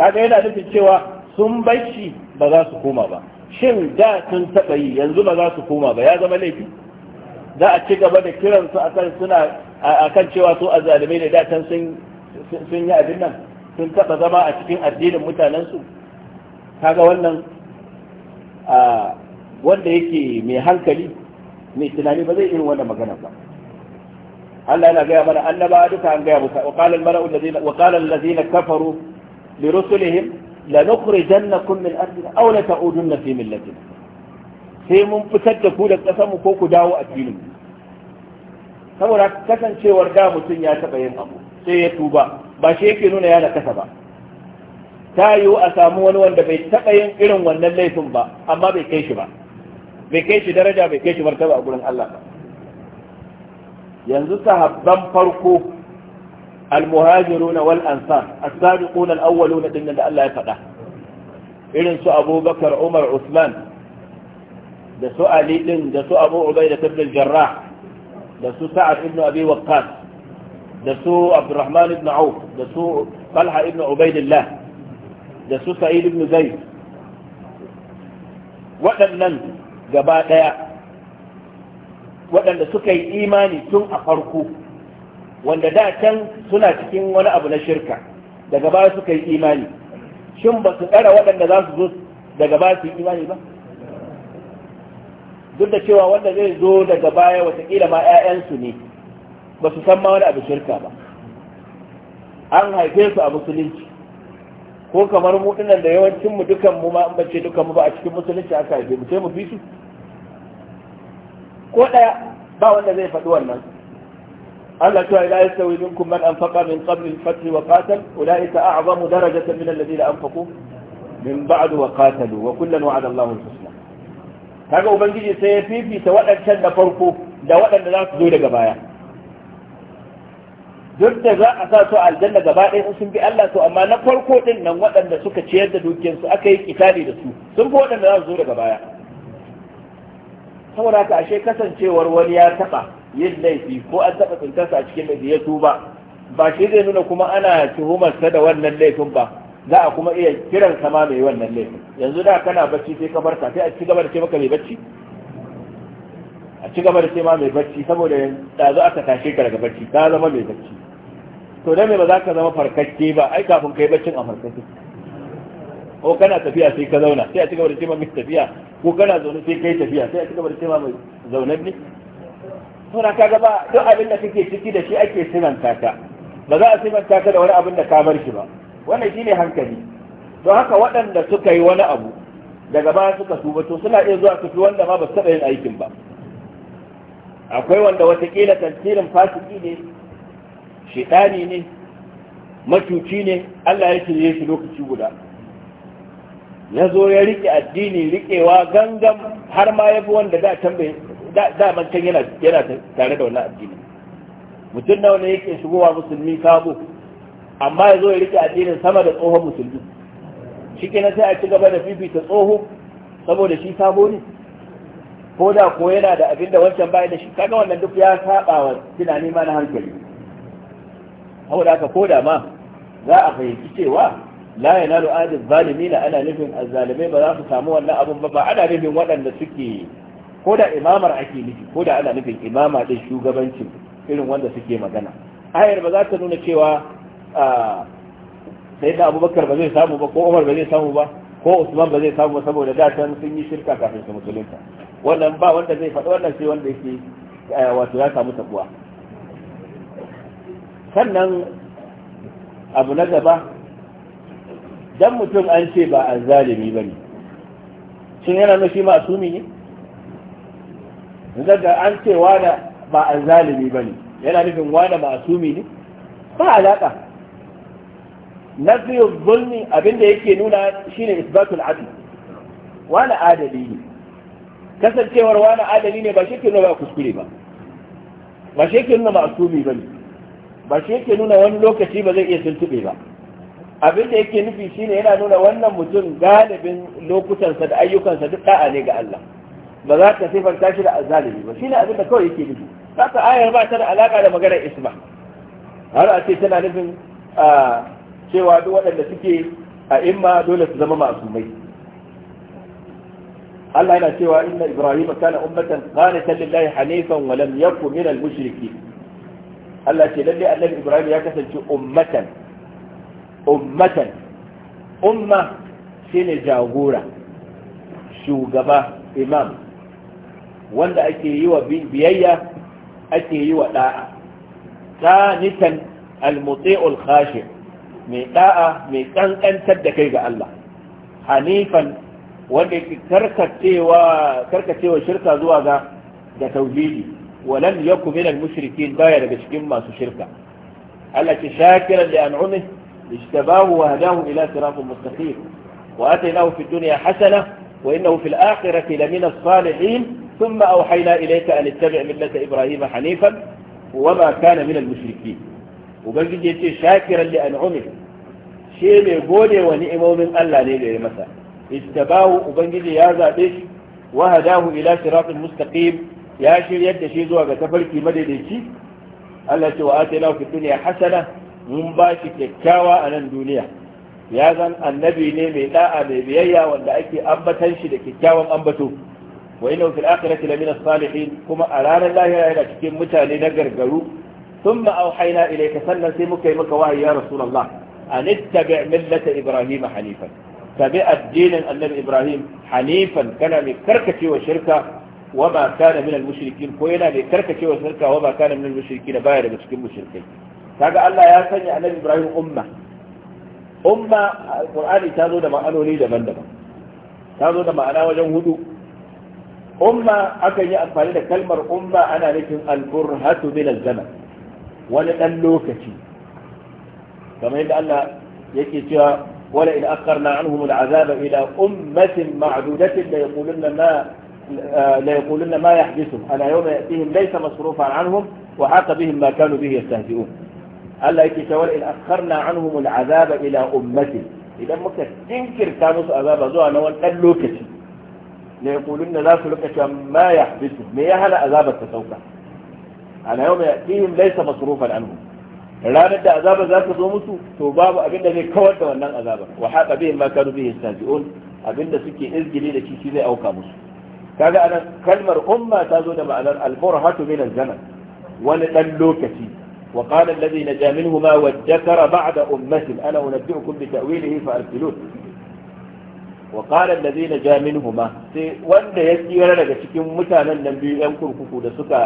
kaga yana nufin cewa sun shi ba za su koma ba shin da sun taɓa yi yanzu ba za su koma ba ya zama laifi za a ci gaba da kiransu akan suna akan cewa su azalimai ne da can sun yi abin nan sun taɓa zama a cikin addinin mutanensu kaga wannan a wanda yake mai hankali mai tunani ba zai irin wannan magana ba Allah yana gaya mana annaba duka an gaya musa wa qala al-mara'u alladhina wa qala alladhina kafaru li rusulihim لنخرجنكم من أرضنا أو لتعودن في ملتنا sai mun fitar da ku da ƙasar mu ko ku dawo a mu saboda kasancewar da mutum ya taɓa yin abu sai ya tuba ba shi yake nuna yana kasa ba ta yiwu a samu wani wanda bai taɓa yin irin wannan laifin ba amma bai kai shi ba bai kai shi daraja bai kai shi martaba a gurin Allah ba yanzu sahabban farko almuhajiruna wal ansar as-sabiquna al-awwaluna din da Allah ya faɗa irin su Abubakar Umar Uthman da su Ali din da su Abu Ubaida ibn al da su Sa'ad ibn Abi Waqqas da su Abdurrahman ibn Auf da su Talha ibn Ubaidillah da su Sa'id ibn Zayd waɗannan gaba waɗanda suka yi imani tun a farko wanda da can suna cikin wani abu na shirka daga baya suka yi imani shin ba su kara waɗanda za su zo daga baya su yi imani ba duk da cewa wanda zai zo daga baya watakila ma 'ya'yansu ne ba su san ma wani abu shirka ba an haife su a musulunci ko kamar mu dinan da yawancin mu dukan mu ma an bace dukan mu ba a cikin musulunci aka haife mu sai mu bi su ko daya ba wanda zai faɗi wannan Allah ta ila yasawi minkum man anfaqa min qabl al-fath wa qatal ulaika a'zamu darajatan min alladhina anfaqu min ba'd wa qatalu wa kullan wa'ada Allahu al-husna kaga ubangiji sai ya fifita waɗancan da farko da waɗanda za su zo daga baya duk da za a sa su aljanna gaba ɗaya sun bi Allah to amma na farko din nan waɗanda suka ciyar da su aka yi kitali da su sun fi waɗanda za su zo daga baya saboda haka ashe kasancewar wani ya taɓa yin laifi ko an taɓa tsintarsa a cikin da ya tuba ba shi zai nuna kuma ana tuhumarsa da wannan laifin ba za a kuma iya kiran sama mai wannan laifin yanzu da kana bacci sai ka barka sai a ci gaba da ce maka mai bacci a ci gaba da ce ma mai bacci saboda da zo aka tashe ka daga bacci ka zama mai bacci to dan me ba za ka zama farkakke ba ai kafin kai baccin a farkakke ko kana tafiya sai ka zauna sai a ci gaba da ce ma mai tafiya ko kana zaune sai kai tafiya sai a ci gaba da ce ma mai zaunan ne suna ka gaba duk abin da kake ciki da shi ake sinanta ka ba za a sinanta ka da wani abin da ka bar shi ba wannan shine hankali to haka waɗanda suka yi wani abu daga baya suka tuba to suna iya zuwa su fi wanda ma ba su taɓa yin aikin ba akwai wanda watakila tantirin fasiki ne shidani ne macuci ne Allah ya shirye shi lokaci guda ya zo ya rike addini riƙewa gangan har ma ya fi wanda da tambaye daman can yana tare da wannan addini mutum nawa ne yake shigowa musulmi kabo amma ya zo ya rike addinin sama da tsohon musulmi shi kenan sai a ci gaba da fifita tsoho saboda shi sabo ne ko da ko yana da abin da wancan baya da shi kaga wannan duk ya saba wa tunani ma na hankali saboda haka ko da ma za a fahimci cewa la yanalu zalimi na ana nufin azzalimai ba za su samu wannan abun ba ba ana nufin waɗanda suke ko da imamar ake nufi ko da ana nufin imama din shugabancin irin wanda suke magana ayar ba za ta nuna cewa sai da abubakar ba zai samu ba ko umar ba zai samu ba ko usman ba zai samu ba saboda da can sun yi shirka kafin su musulunta wannan ba wanda zai faɗi wannan sai wanda yake wato ya samu tabuwa sannan abu na gaba dan mutum an ce ba ba ne. shin yana nufi ma asumi ne yanzu da an ce wada ba a zalimi ba ne yana nufin wada ba a sumi ne ba alaƙa nafiyu zulmi abinda yake nuna shine isbatul adl wani adali ne kasancewar wani adali ne ba shi ke nuna ba kuskure ba ba shi ke nuna ba sumi ba ne ba shi yake nuna wani lokaci ba zai iya tuntube ba abin da yake nufi shine yana nuna wannan mutum galibin lokutansa da ayyukansa duk da'a ne ga Allah ba za ka sifanta shi da azalimi ba shine abin da kawai yake nufi haka ayar ba ta da alaka da maganar isma har a ce tana nufin a cewa duk waɗanda suke a imma dole su zama masumai Allah yana cewa inna Ibrahim kana ummatan qanitan lillahi hanifan wa lam yakun min al-mushrikeen Allah ce lalle annabi Ibrahim ya kasance ummatan ummatan umma shine jagora shugaba imam wanda ake yi wa biyayya ake yi wa da'a qanitan almuti'ul khashir mai da'a mai kankantar da kai ga Allah hanifan wanda karkacewa shirka zuwa ga da tauhidi walam yakun min almushrikin baya daga cikin masu shirka Allah ce shakiran li an'umihi اجتباه وهداه إلى صراط مستقيم وآتيناه في الدنيا حسنة وإنه في الآخرة لمن الصالحين ثم أوحينا إليك أن اتبع ملة إبراهيم حنيفا وما كان من المشركين وبنجي يتي شاكرا لأنعمه شيء mai gode wa ni'imomin Allah ne da ya masa istabahu ubangiji ya zabe shi wa hadahu ila siratin mustaqim ya shiryar da shi zuwa ga tafarki madaidaici Allah ce wa atayna fi dunya hasana mun ba kyakkyawa a nan duniya ya zan annabi ne mai da'a mai biyayya wanda ake ambatan shi da kyakkyawan ambato wa inna fil akhirati lamina salihin kuma a ranar lahira yana cikin mutane na gargaru thumma auhayna ilayka sannan sai muka yi maka wahayi ya rasulullah an ittabi millata ibrahim hanifan tabi addinin annabi ibrahim hanifan kana mai karkacewa shirka wa ma kana min al-mushrikin ko yana mai karkacewa shirka wa ma kana min al-mushrikin baya daga cikin mushrikai kaga Allah ya sanya annabi ibrahim umma umma alqur'ani ta da daban-daban ta da ma'ana wajen hudu umma akan yi amfani da kalmar umma ana nufin al-burhatu min zaman wani dan lokaci kamar yadda Allah yake cewa wala in akarna anhum al-azaba ila ummatin ma'dudatin la yaquluna ma لا يقولون ما يحدثهم ألا wa يأتيهم ليس مصروفا عنهم وحاق بهم ما كانوا به wala ألا akarna إن أخرنا عنهم العذاب إلى أمته إذا ممكن تنكر كانوا أبابا زوانا dan lokaci. la da za su rika cewa ma yahbisu me ya hana azabar ta sauka ala yawma yatihim laysa masrufan anhum ranar da azabar za ta zo musu to babu abin da zai kawar da wannan azabar wa haqa bihim ma kanu bihi yastaji'un abin da suke izgili da shi zai auka musu kaga anan kalmar umma ta zo da ma'anar al-furhatu min az-zaman wani dan lokaci wa qala na naja minhuma wa dhakara ba'da ummati ana unabbi'ukum bi ta'wilihi fa arsilun wa qala allazina ja minhuma sai wanda ya tsira daga cikin mutanen nan biyu yan kurkuku da suka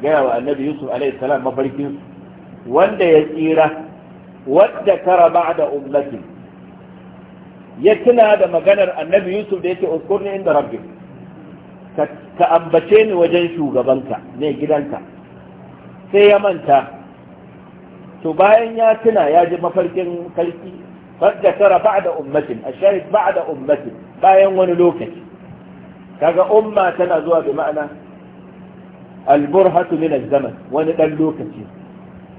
gaya wa annabi yusuf alaihi salam mafarkin wanda ya tsira wadda kara ba'da ummati ya tuna da maganar annabi yusuf da yake uskurni inda rabbi ka ambace ni wajen shugabanka ne gidanka sai ya manta to bayan ya tuna ya ji mafarkin sarki قد ذكر بعد أمة الشاهد بعد أمة باين ونلوكة كذا أمة تنزوها بمعنى البرهة من الزمن ونلوكة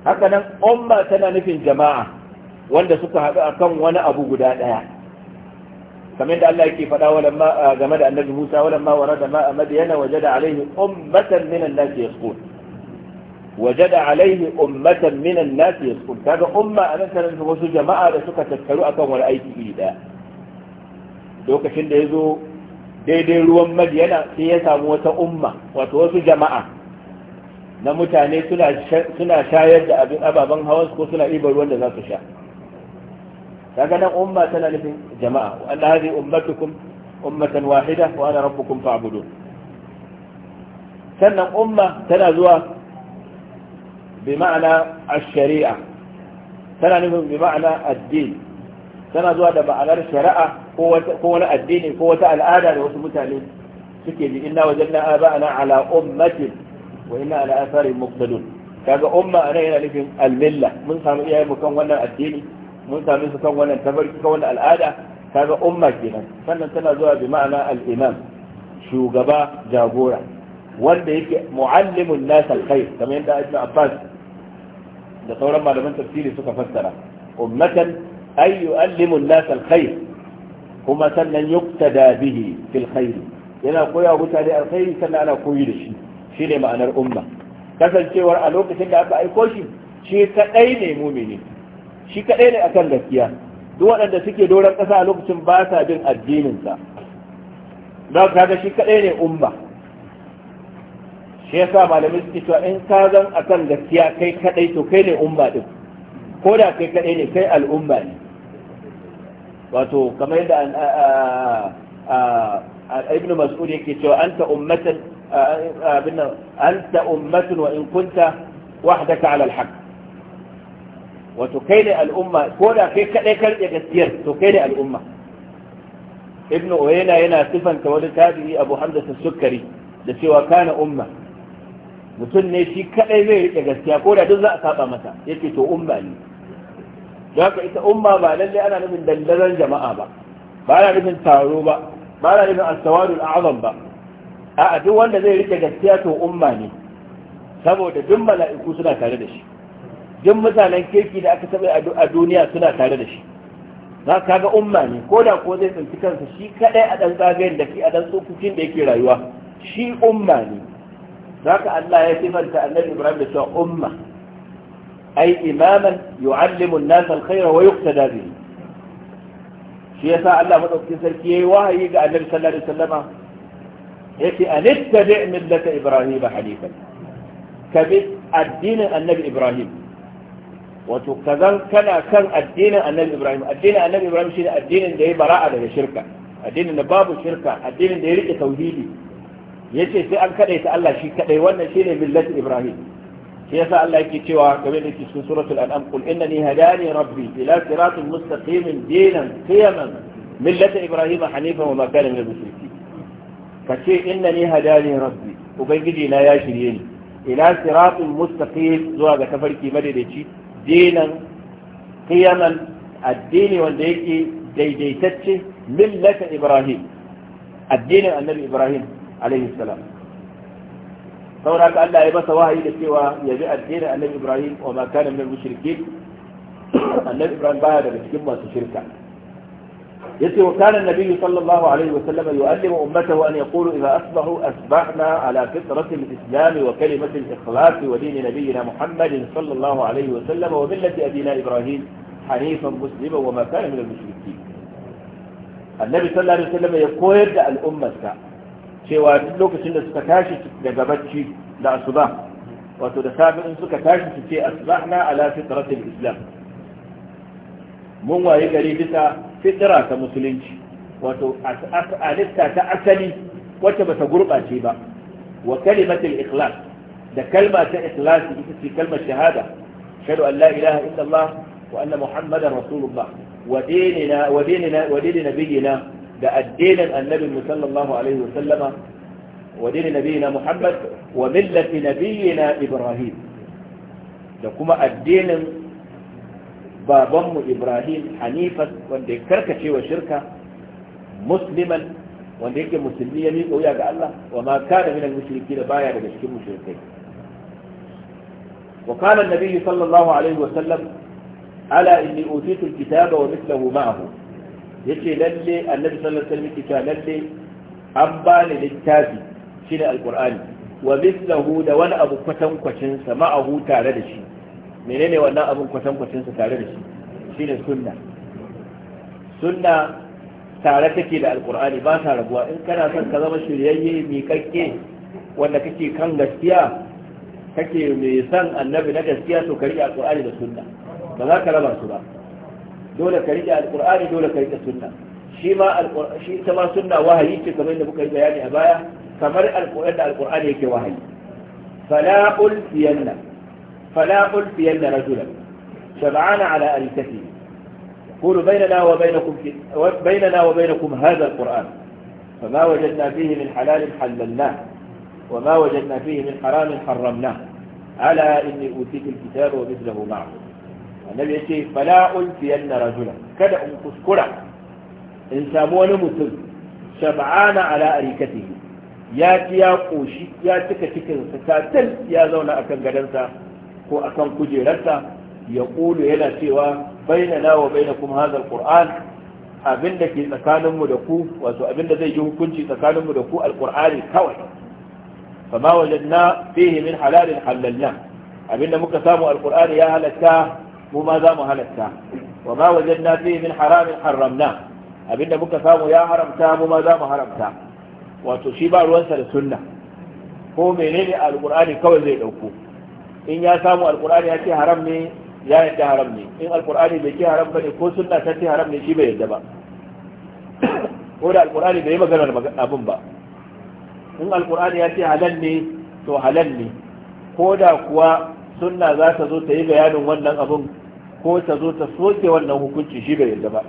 هكذا أمة تنانف جماعة wanda suka haɗu a kan wani abu guda ɗaya kamar da Allah yake faɗa walamma game da annabi Musa walamma warada ma a madiyana wajada alaihi ummatan min an-nas وجد عليه أمة من الناس umma a أمة tana da wasu jama'a da suka tattaru akan wani aiki iri lokacin da yazo daidai ruwan Madiyana sai ya samu wata umma wato wasu jama'a na mutane suna shayar da abin ababen hawa ko suna ibar ruwan da za su sha kaga nan umma tana nufin jama'a wa anna hadhihi ummatukum ummatan wahida wa ana rabbukum fa'budun sannan umma tana zuwa bi ma'ana ash-shari'a tana nufin bi ma'ana addini tana zuwa da ma'anar shari'a ko wani addini ko wata al'ada da wasu mutane suke bi inna wajanna aba'ana ala ummatin wa inna ala atharin muqtadun kaga umma ana yana nufin al mun samu iyaye mu kan wannan addini mun sami su kan wannan tabarki al'ada kenan tana zuwa shugaba jagora wanda yake muallimun nas al-khair kamar yadda Ibn Abbas da sauran malaman tafsiri suka fassara ummatan ay yu'allimu an-nas al kuma sannan yuktada bihi fil yana koya mutane alkhairi sannan ana koyi da shi shine ma'anar umma kasancewar a lokacin da aka aiko shi shi kadai ne mumini shi kadai ne akan gaskiya duk waɗanda suke doron ƙasa a lokacin ba sa bin addininsa za ka ga shi kadai ne umma shi yasa malamai suke cewa in ka zan a kan gaskiya kai kadai to kai ne umma din ko da kai kadai ne kai al'umma ne wato kamar yadda ibn mas'ud yake cewa anta ummatan anta ummatun wa in kunta wahdaka ala al wato kai ne al'umma ko da kai kadai karɓe gaskiyar to kai ne al'umma ibn uyayna yana sifanta wani tabi'i abu hamza as-sukkari da cewa kana umma mutum ne shi kadai zai rike gaskiya ko da duk za a saba masa yake to umma ne don haka ita umma ba lalle ana nufin dandazon jama'a ba ba ana nufin taro ba ba ana nufin astawadul azam ba a duk wanda zai rike gaskiya to umma ne saboda duk mala'iku suna tare da shi duk mutanen kirki da aka saba a duniya suna tare da shi za ka ga umma ne ko da ko zai tsinci kansa shi kadai a dan zagayen da ke a dan tsokokin da yake rayuwa shi umma ne ذاك الله يتم أنت النبي إبراهيم لسوى أمة أي إماما يعلم الناس الخير ويقتدى به في يساء الله مدعوكي سلكي وهي يجعل النبي صلى الله عليه وسلم يتي أن اتبع ملة إبراهيم حليفا كبت الدين النبي إبراهيم وتكذن كان كان الدين النبي إبراهيم الدين النبي إبراهيم شيء الدين اللي da ya bara'a الدين اللي addinin الشركة الدين اللي addinin da ya ya ce sai an kadai ta Allah shi kaɗai wannan shi ne millati Ibrahim shi yasa Allah yake cewa game da cikin suratul an'am qul ni hadani rabbi ila siratin mustaqimin dinan qiyaman millata Ibrahim hanifan wa ma kana minal mushrikeen kace ni hadani rabbi ubangiji na ya shirye ni ila siratin mustaqim zuwa ga tafarki madaidaici dinan qiyaman addini wanda yake daidaitacce millata Ibrahim addinin annabi Ibrahim عليه السلام فوراك لا عبس واحد لسوى يجاء الدين النبي إبراهيم وما كان من المشركين النبي إبراهيم بعد الاتكمة الشركة يسوى كان النبي صلى الله عليه وسلم يؤلم أمته أن يقول إذا أصبحوا أصبحنا على فطرة الإسلام وكلمة الإخلاص ودين نبينا محمد صلى الله عليه وسلم وملة أبينا إبراهيم حنيفا مسلما وما كان من المشركين النبي صلى الله عليه وسلم يقول الأمة السعر cewa duk lokacin da suka tashi daga bacci da asuba wato da safe in suka tashi su ce asbahna ala fitratil islam mun waye gari bisa fitra ta musulunci wato alitta ta asali wacce ba ta gurbace ba wa kalimatul ikhlas da kalma ta ikhlas ita ce kalmar shahada shahadu an la ilaha illallah wa anna muhammadar rasulullah wa dinina wa dinina wa dinina da addinin annabin sallallahu alaihi wa sallama wa dinin nabiyina Muhammad wa millati nabiyina Ibrahim da kuma addinin babanmu Ibrahim hanifan wanda ya karkace wa shirka musliman wanda yake musulmi ya miƙa wuya ga Allah wa ma kana min al-mushriki da baya daga cikin mushrikai wa kana an sallallahu alaihi wa sallam ala inni utitu al-kitaba wa mithluhu ma'ahu yace lalle annabi sallallahu alaihi wasallam kita lalle an bani littafi shine alqur'ani wa mithluhu da wani abu kwatan kwacin sa ma'ahu tare da shi menene wannan abun kwatan kwacin sa tare da shi shine sunna sunna tare take da alqur'ani ba ta rabuwa in kana son ka zama shiryayye miƙaƙƙe wanda kake kan gaskiya kake mai san annabi na gaskiya to ka riƙe alqur'ani da sunna ba za ka raba su ba دولة كريجة القرآن دولة كريجة السنة شما القرآن شما سنة وهي كما إن بك البيان أبايا فمر القرآن القرآن هيك وهي فلا قل فينا فلا قل فينا رجلا شبعان على أريكته قولوا بيننا وبينكم بيننا وبينكم هذا القرآن فما وجدنا فيه من حلال حللناه وما وجدنا فيه من حرام حرمناه على إني أوتيت الكتاب ومثله معه annabi yace fala unsiyanna rajulan kada in kuskura in samu wani mutum shab'ana ala arikatihi ya ci ya koshi ya cika cikin sakatin ya zauna akan gadansa ko akan kujerarsa ya kulu yana cewa bainana wa bainakum hadha alquran abinda ke tsakaninmu da ku wato abinda zai yi hukunci tsakaninmu da ku alqur'ani kawai fama wajen fihi min halalin abin abinda muka samu alqur'ani ya halatta mu ma za mu halatta wa ma na fihi min haramin haramna abinda muka samu ya haramta mu ma za mu haramta wato shi ba ruwansa da sunna ko menene alqur'ani kawai zai ɗauko? in ya samu alqur'ani ya ce haram ne ya yadda haram ne in alqur'ani bai ce haram bane ko sunna ta ce haram ne shi bai yadda ba ko da alqur'ani bai yi maganar abin ba in alqur'ani ya ce halal ne to halal ne ko da kuwa sunna za ta zo ta yi bayanin wannan abin ko ta zo ta soke wannan hukunci shi bai yarda ba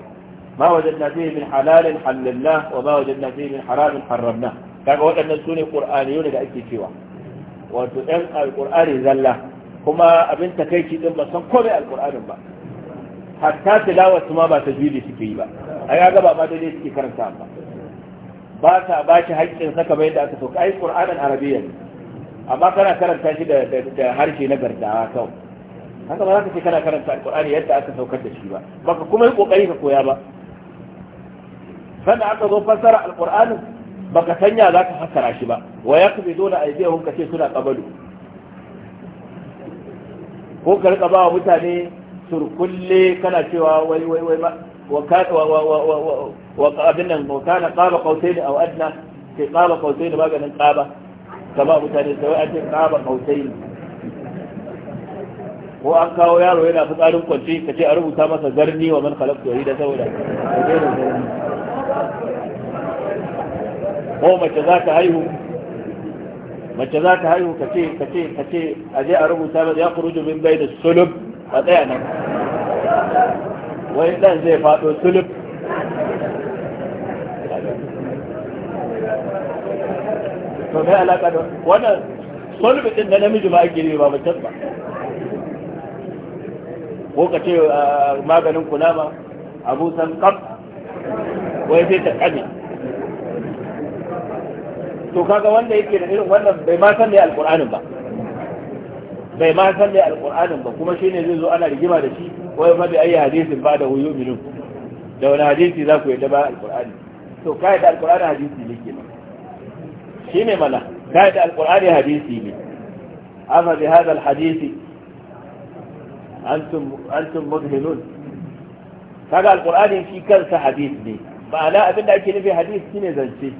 ma wajadna fihi min halalin halalna wa ma wajen wajadna fihi min haramin haramna kaga waɗannan sune qur'aniyu da ake cewa wato ɗan alqur'ani zalla kuma abin ta takeici ɗin ba san komai Alƙur'anin ba hatta su ma ba ta tajwidi suke yi ba ai kaga ba ma dai suke karanta ba ba ta ba shi haƙƙin saka bai da aka sauka ai qur'anin arabiyya amma kana karanta shi da harshe na gardawa kawai haka ba za ka ce kana karanta alkur'ani yadda aka saukar da shi ba baka kuma yi kokari ka koya ba sannan aka zo fassara alkur'anin baka sanya za ka fassara shi ba wa ya kuma zo na aibiyahun ka ce suna kabalu ko ka rika ba wa mutane surkulle kana cewa wai wai wai wa abin nan wa kana qaba qausaini aw adna sai qaba qausaini maganin qaba kama mutane sai an ce qaba qausaini ko an kawo yaro yana fitsarin kwanci ka ce a rubuta masa zarni wa man khalaqtu wahida saboda ko mace za ta haihu mace za ta haihu ka ce ka ce ka ce a je a rubuta masa ya kuruju min bai da sulub a tsaya nan wani dan zai faɗo sulub to mai alaƙa da wannan sulub din na namiji ba a yi ba mace ba ko ka ce ah, maganin kulama abu san kam wai sai ta kame to kaga wanda yake da irin wannan bai ma san me alqur'anin ba bai ma san me alqur'anin ba kuma shine zai zo ana rigima da shi wai fa bi ayi hadisin ba da huyu minun da wani hadisi za ku yadda ba alqur'ani to kai da alqur'ani hadisi ne kenan shine mana kai da alqur'ani hadisi ne afa bi hadha alhadisi antum mudhilun kaga alqur'ani shi kansa hadith ne ma'ana abinda ake nufi hadith shine zance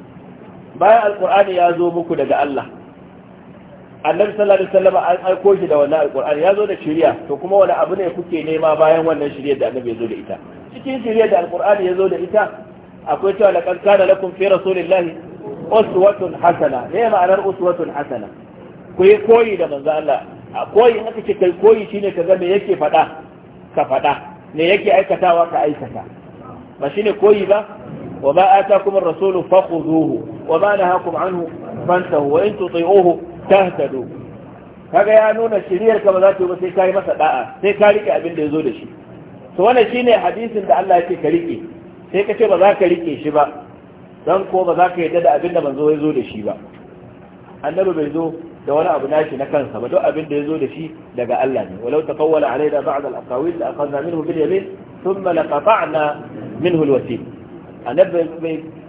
bayan alqur'ani ya zo muku daga Allah annabi sallallahu alaihi wasallam an aiko shi da wannan alqur'ani ya zo da shari'a to kuma wani abu ne kuke nema bayan wannan shari'a da annabi ya zo da ita cikin shari'a da alqur'ani ya zo da ita akwai cewa laqad kana lakum fi rasulillahi uswatun hasana me ma'anar uswatun hasana ku yi koyi da manzo Allah a koyi aka ce kai koyi shine ka ga me yake fada ka faɗa me yake aikatawa ka aikata ba shine koyi ba wa ba atakum ar-rasulu fakhuduhu wa ma nahakum anhu fantahu wa in tuti'uhu tahtadu kaga ya nuna shiriyar ka ba za ta ba sai kai masa da'a sai ka rike abin da yazo da shi to wannan shine hadisin da Allah yake ka rike sai ka ce ba za ka rike shi ba dan ko ba za ka yadda da abin da manzo yazo da shi ba annabi bai zo da wani abu nashi na kansa ba duk abin da zo da shi daga Allah ne walau taqawwala alaina ba'd al-aqawil la akhadna minhu bil yamin thumma laqata'na minhu al-wasil annabi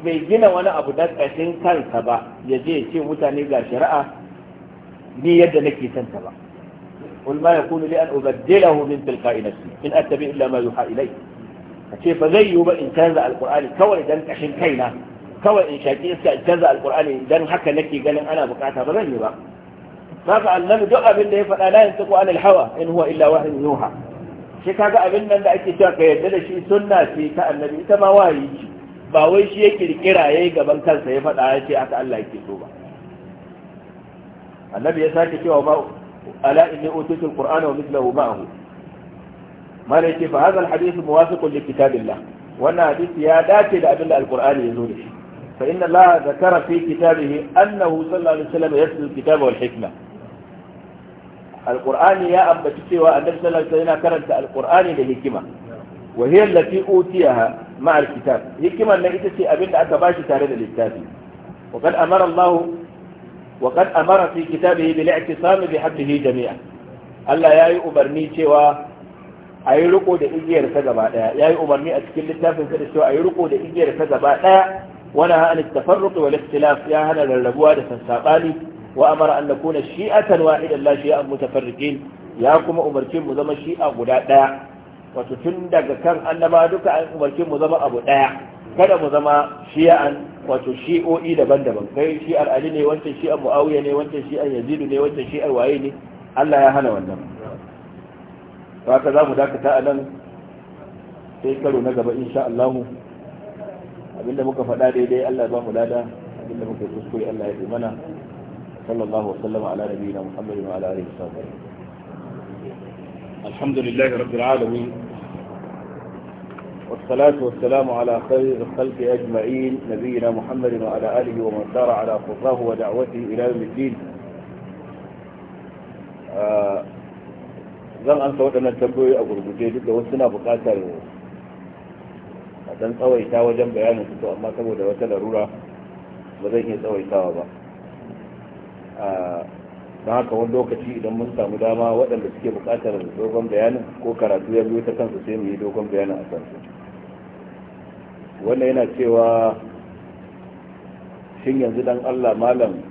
bai gina wani abu da kashin kansa ba ya je ce mutane ga shari'a ni yadda nake ta ba قل ما يكون لي أن in من تلقاء نفسي إن أتبع إلا ما يوحى إلي فكيف زي يبقى إن تنزع القرآن كوي دان كحين كينا كوي إن in canza إن تنزع haka nake ganin ana قال ba zan yi ba. haka annabi duk abin da ya faɗa la yantiqu anil hawa in huwa illa wahyun yuha shi kaga abin nan da ake cewa ka yarda da shi sunna ce ta annabi ita ma wahayi ce ba wai shi ya kirkira yayi gaban kansa ya faɗa ya ce aka Allah yake so ba annabi ya sake cewa ba ala inni utitul qur'ana wa mithluhu ma'ahu mala yake fa hadha al hadith muwafiqun li kitabillah wannan hadisi ya dace da abin da alqur'ani ya zo da shi فإن الله ذكر في كتابه أنه صلى الله عليه وسلم يتلو الكتاب والحكمة القرآن يا أبا تسوى النبي صلى الله عليه وسلم كرنت القرآن لهكمة وهي التي أوتيها مع الكتاب هكمة التي تسي أبن أتباشي تارد الكتاب وقد أمر الله وقد أمر في كتابه بالاعتصام بحبه جميعا Allah ya yi umarni cewa a yi riko da igiyar ta gaba ɗaya ya yi umarni a cikin littafin sa da cewa a yi riko da igiyar ta gaba ɗaya ونهى عن التفرق والاختلاف يا هنا للربوة لسنساقاني وأمر أن نكون شيئة واحدا لا شيئا متفرقين يا كما أمرتين مزمى شيئا غداء وتتندق كان أن ما دك أن أمرتين مزمى أبو داع kada mu zama shi'an wato shi'o'i daban-daban kai shi'ar ali ne wancan shi'ar muawiya ne wancan shi'ar yazidu ne wancan shi'ar waye ne Allah ya hana wannan haka za mu dakata a nan sai na gaba insha abinda muka faɗa daidai Allah ba mu lada abinda muka kuskure Allah ya yi mana sallallahu wa wasallama ala nabiyina muhammadin wa ala alihi wasallam alhamdulillah rabbil alamin salatu ala والصلاة khalqi ajma'in nabiyina الخلق wa ala alihi wa man sara ala على wa ودعوته ila يوم din zan an sa waɗannan tambayoyi a gurguje duk da wasu na buƙatar dan tsawaita wajen bayanin su to amma saboda wata larura ba zan iya tsawaitawa ba don haka wani lokaci idan mun samu dama waɗanda suke buƙatar dogon bayanin ko karatu ya biyo ta kansu sai mu yi dogon bayanin a kansu wannan yana cewa shin yanzu dan allah malam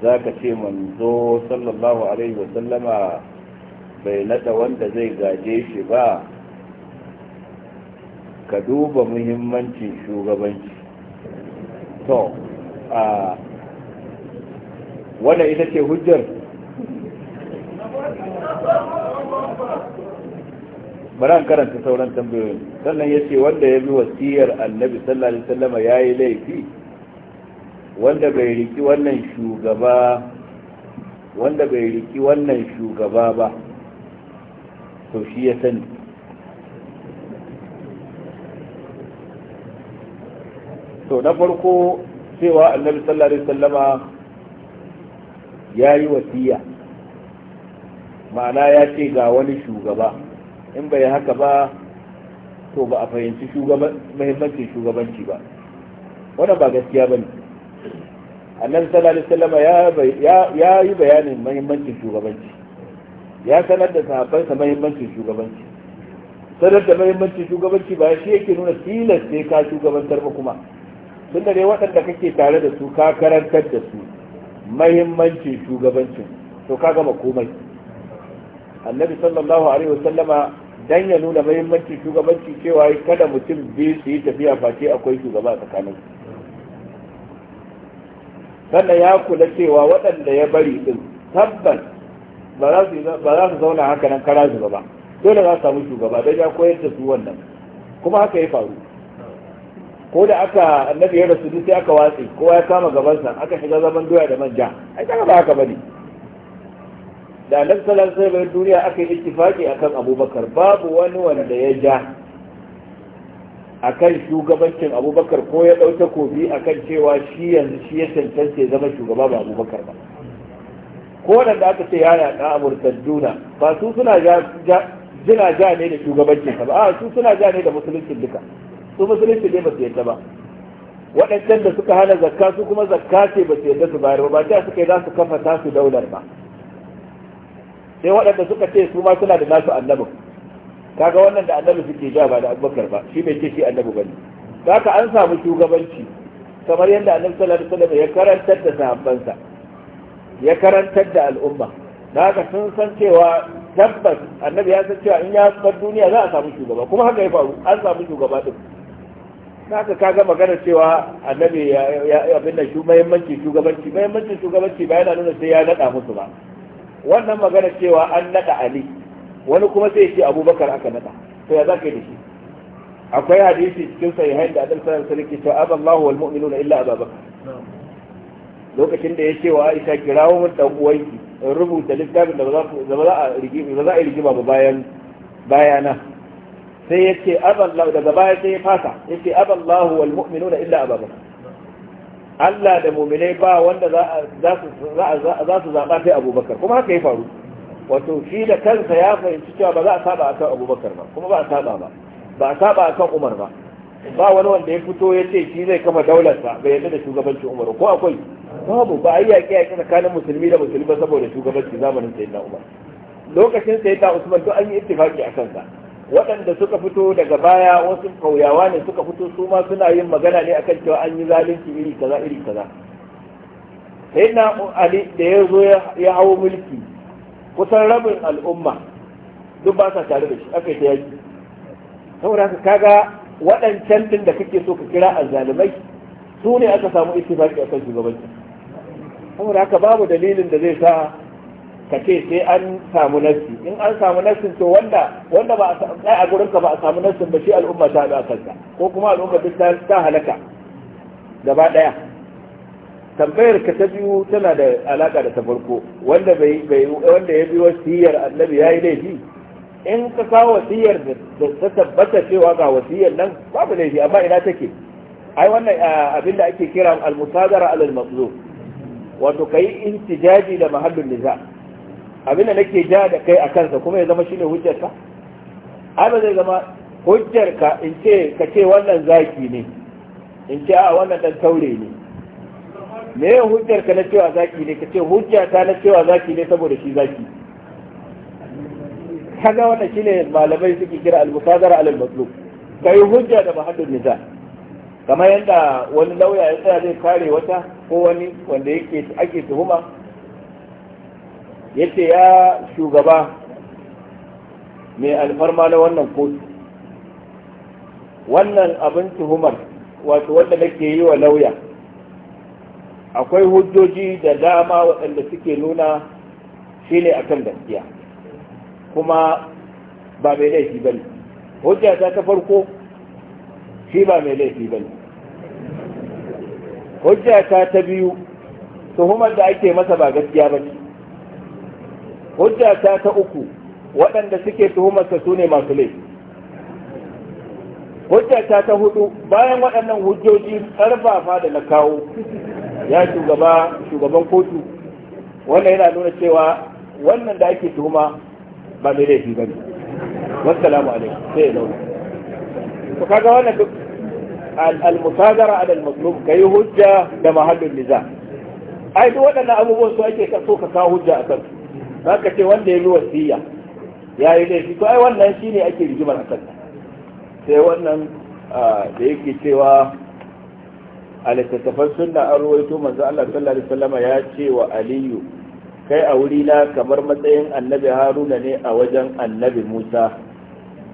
za ka ce manzo sallallahu alaihi wasallama bai naɗa wanda zai gaje shi ba ka duba muhimmancin shugabanci to a wanda ita ce hujjar bari an karanta sauran tambayoyin sannan ya ce wanda ya bi wasiyar annabi sallallahu alaihi wasallam ya yi laifi wanda bai riki wannan shugaba wanda bai riki wannan shugaba ba to shi ya sani to na farko cewa annabi sallallahu alaihi wasallama ya yi wasiya ma'ana ya ce ga wani shugaba in bai haka ba to ba a fahimci muhimmancin shugabanci ba wannan ba gaskiya ba ne annabi sallallahu alaihi wasallama ya yi bayanin muhimmancin shugabanci ya sanar da sahabbansa muhimmancin shugabanci sanar da muhimmancin shugabanci ba shi yake nuna tilas sai ka shugabantar ba kuma tun da ne waɗanda kake tare da su ka karantar da su mahimmancin shugabancin to ka gama komai annabi sallallahu alaihi wasallama dan ya nuna mahimmancin shugabanci cewa kada mutum biyu su yi tafiya face akwai shugaba tsakanin sannan ya kula cewa waɗanda ya bari din tabbas ba za su zauna haka nan kara zuba ba dole za su samu shugaba don ya koyar da su wannan kuma haka ya faru ko da aka annabi ya rasu duk sai aka watsi kowa ya kama gabansa aka shiga zaman doya da manja ai kaga ba haka bane da annabi sallallahu alaihi wasallam duniya aka yi ittifaki akan abubakar babu wani wanda ya ja akan shugabancin abubakar ko ya dauke kofi akan cewa shi yanzu shi ya cancanta ya zama shugaba ba abubakar ba ko da aka ce ya yaƙa amurtadduna ba su suna ja ne da shugabancin ba a su suna ja ne da musuluncin duka su musulunci ne ba su yadda ba waɗancan da suka hana zakka su kuma zakka ce ba su yadda su bayar ba ta suka yi za su kafa tasu daular ba sai waɗanda suka ce su ma suna da nasu annabin kaga wannan da annabi suke ja ba da abubakar ba shi bai ce shi ne bane haka an samu shugabanci kamar yadda annabi sallallahu alaihi wasallam ya karantar da sahabbansa ya karantar da al'umma da haka sun san cewa tabbas annabi ya san cewa in ya bar duniya za a samu shugaba kuma haka ya faru an samu shugaba din haka kaga magana cewa annabi ya abin da shu mahimmanci shugabanci mahimmancin shugabanci ba yana nuna sai ya nada musu ba wannan magana cewa an nada ali wani kuma sai ce abubakar aka nada to ya zaka da shi akwai hadisi cikin sahihain da annabi sallallahu alaihi wasallam ya ce Allahu wal mu'minuna illa abubakar lokacin da ya cewa wa Aisha kirawo mun dan uwanki rubuta littafin da ba za a rigima ba bayan bayana sai ya ce aballahu daga baya sai ya fasa ya ce aballahu wal mu'minuna illa ababa Allah da mu'minai ba wanda za su zaɓa sai abubakar kuma haka ya faru wato shi da kansa ya fahimci cewa ba za a saba akan abubakar ba kuma ba a saba ba ba a saba akan umar ba ba wani wanda ya fito ya ce shi zai kafa daularsa bai yadda da shugabancin umar ko akwai babu ba a yi yaƙi yaƙi tsakanin musulmi da musulmi saboda shugabanci zamanin sayyidina umar lokacin sayyidina usman to an yi ittifaqi a kansa. waɗanda suka fito daga baya wasu kauyawa ne suka fito su ma suna yin magana ne akan cewa an yi zalunci iri kaza iri kaza sai na ali da ya zo ya hawo mulki kusan rabin al'umma duk ba sa tare da shi aka yi ta yaki saboda haka kaga waɗancan din da kake so ka kira azzalumai su ne aka samu ittifaqi akan shugabanci saboda haka babu dalilin da zai sa ka ce sai an samu nassi in an samu nassin to wanda wanda ba a a gurin ka ba a samu nassin ba shi al'umma ta haɗu kanta, ko kuma al'umma duk ta halaka gaba ɗaya tambayar ka ta biyu tana da alaka da ta farko wanda bai wanda ya bi wasiyar annabi yayi laifi in ka kawo wasiyar da ta tabbata cewa ga wasiyar nan babu laifi amma ina take ai wannan abin da ake kira al-musadara al-mazlum wato kai intijaji da mahallin niza' abinda nake ja da kai a kansa kuma ya zama shine hujjarka abin zai zama hujjarka in ce ka ce wannan zaki ne in ce a wannan dan taure ne me ya hujjarka na cewa zaki ne ka ce hujjata na cewa zaki ne saboda shi zaki kaga wannan shine malamai suke kira al-musadara alal Ka kai hujja da mahallin nisa kamar yadda wani lauya ya tsaya zai kare wata ko wani wanda yake ake tuhuma yace ya shugaba mai alfarma na wannan kotu wannan abin tuhumar wato wanda nake yi wa lauya akwai hujjoji da dama waɗanda suke nuna shi ne akan gaskiya kuma ba mai laifi ba ne hujja ta ta farko shi ba mai laifi ba ne hujja ta ta biyu tuhumar da ake masa ba gaskiya ba ne hujja ta ta uku waɗanda suke tuhumarsa su ne masu laifi hujja ta ta hudu bayan waɗannan hujjoji ƙarfafa da na kawo ya shugaba shugaban kotu wannan yana nuna cewa wannan da ake tuhuma ba mai laifi ba ne wassalamu alaikum sai ya launa to kaga wannan duk al-musagara ala al-mazlum kai hujja da mahallin niza ai duk waɗannan abubuwan su ake so ka kawo hujja a kansu ka ce wanda ya yi wasiya ya yi laifi to ai wannan shine ake rigimar a kan sai wannan da yake cewa a littattafan sunna an ruwaito manzo Allah sallallahu alaihi wasallam ya ce wa Aliyu kai a wuri na kamar matsayin annabi Haruna ne a wajen annabi Musa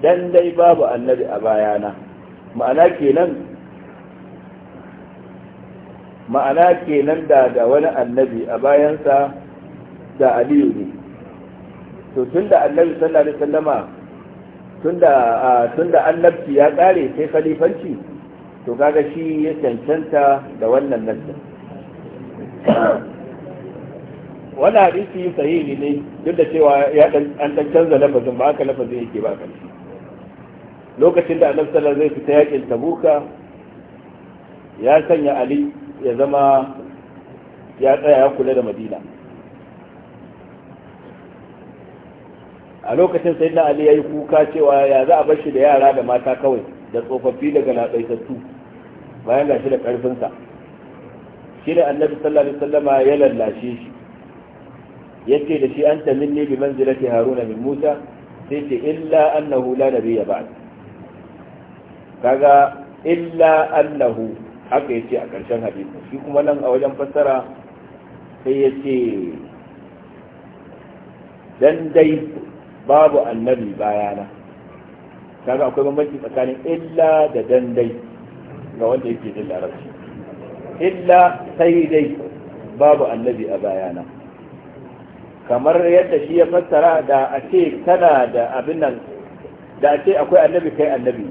dan dai babu annabi a bayana ma'ana kenan ma'ana kenan da da wani annabi a bayansa da Aliyu ne to tunda annabi sallallahu alaihi wasallama tunda tunda annabci ya kare sai khalifanci to kaga shi ya cancanta da wannan nassin wani hadisi sahihi ne duk da cewa ya an dan canza lafazin ba aka lafazin yake ba kan lokacin da annabi sallallahu alaihi wasallam zai fita yakin tabuka ya sanya ali ya zama ya tsaya ya kula da madina a lokacin sai na ali ya yi kuka cewa ya za a bar shi da yara da mata kawai da tsofaffi daga latsaitattu bayan ga shi da karfinsa shi ne annabi sallallahu alaihi wasallama ya lallashe shi yace da shi anta minni bi manzilati haruna min musa sai ce illa annahu la nabiyya ba'd kaga illa annahu haka yace a ƙarshen hadisi shi kuma nan a wajen fassara sai yace dan dai babu annabi bayana kaga akwai bambanci tsakanin illa da dandai ga wanda yake jin larabci illa sai dai babu annabi a bayana kamar yadda shi ya fassara da a ce kana da abin nan da a ce akwai annabi kai annabi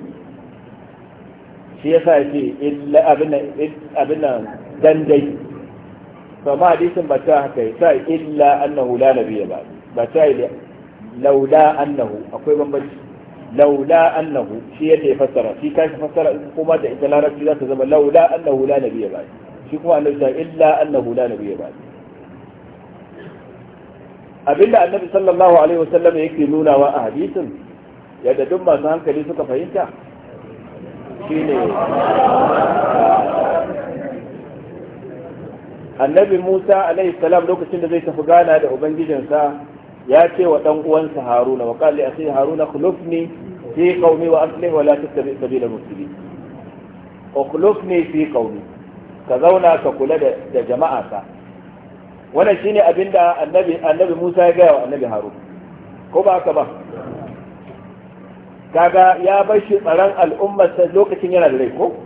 shi ya sa ce illa abin nan dandai to ma hadisin ba ta haka ya sa illa annahu la nabiyya ba ba ta yi laula annahu akwai bambanci laula annahu shi yadda ya fassara shi ka shi fassara in kuma da ita larabci za ta zama laula annahu la nabiyya ba shi kuma annabi ta illa annahu la nabiyya ba abinda annabi sallallahu alaihi wasallam yake nunawa a hadisin yadda duk masu hankali suka fahimta shine annabi Musa alaihi salam lokacin da zai tafi gana da ubangijinsa ya ce wa dan uwansa haruna wa kalli asai haruna khulufni fi qaumi wa aslih wa la tattabi sabila mufsidin khulufni fi qaumi ka zauna ka kula da jama'a sa wannan shine abinda annabi annabi Musa ya ga wa annabi Harun ko ba haka ba kaga ya bar shi tsaron al'ummar lokacin yana da rai ko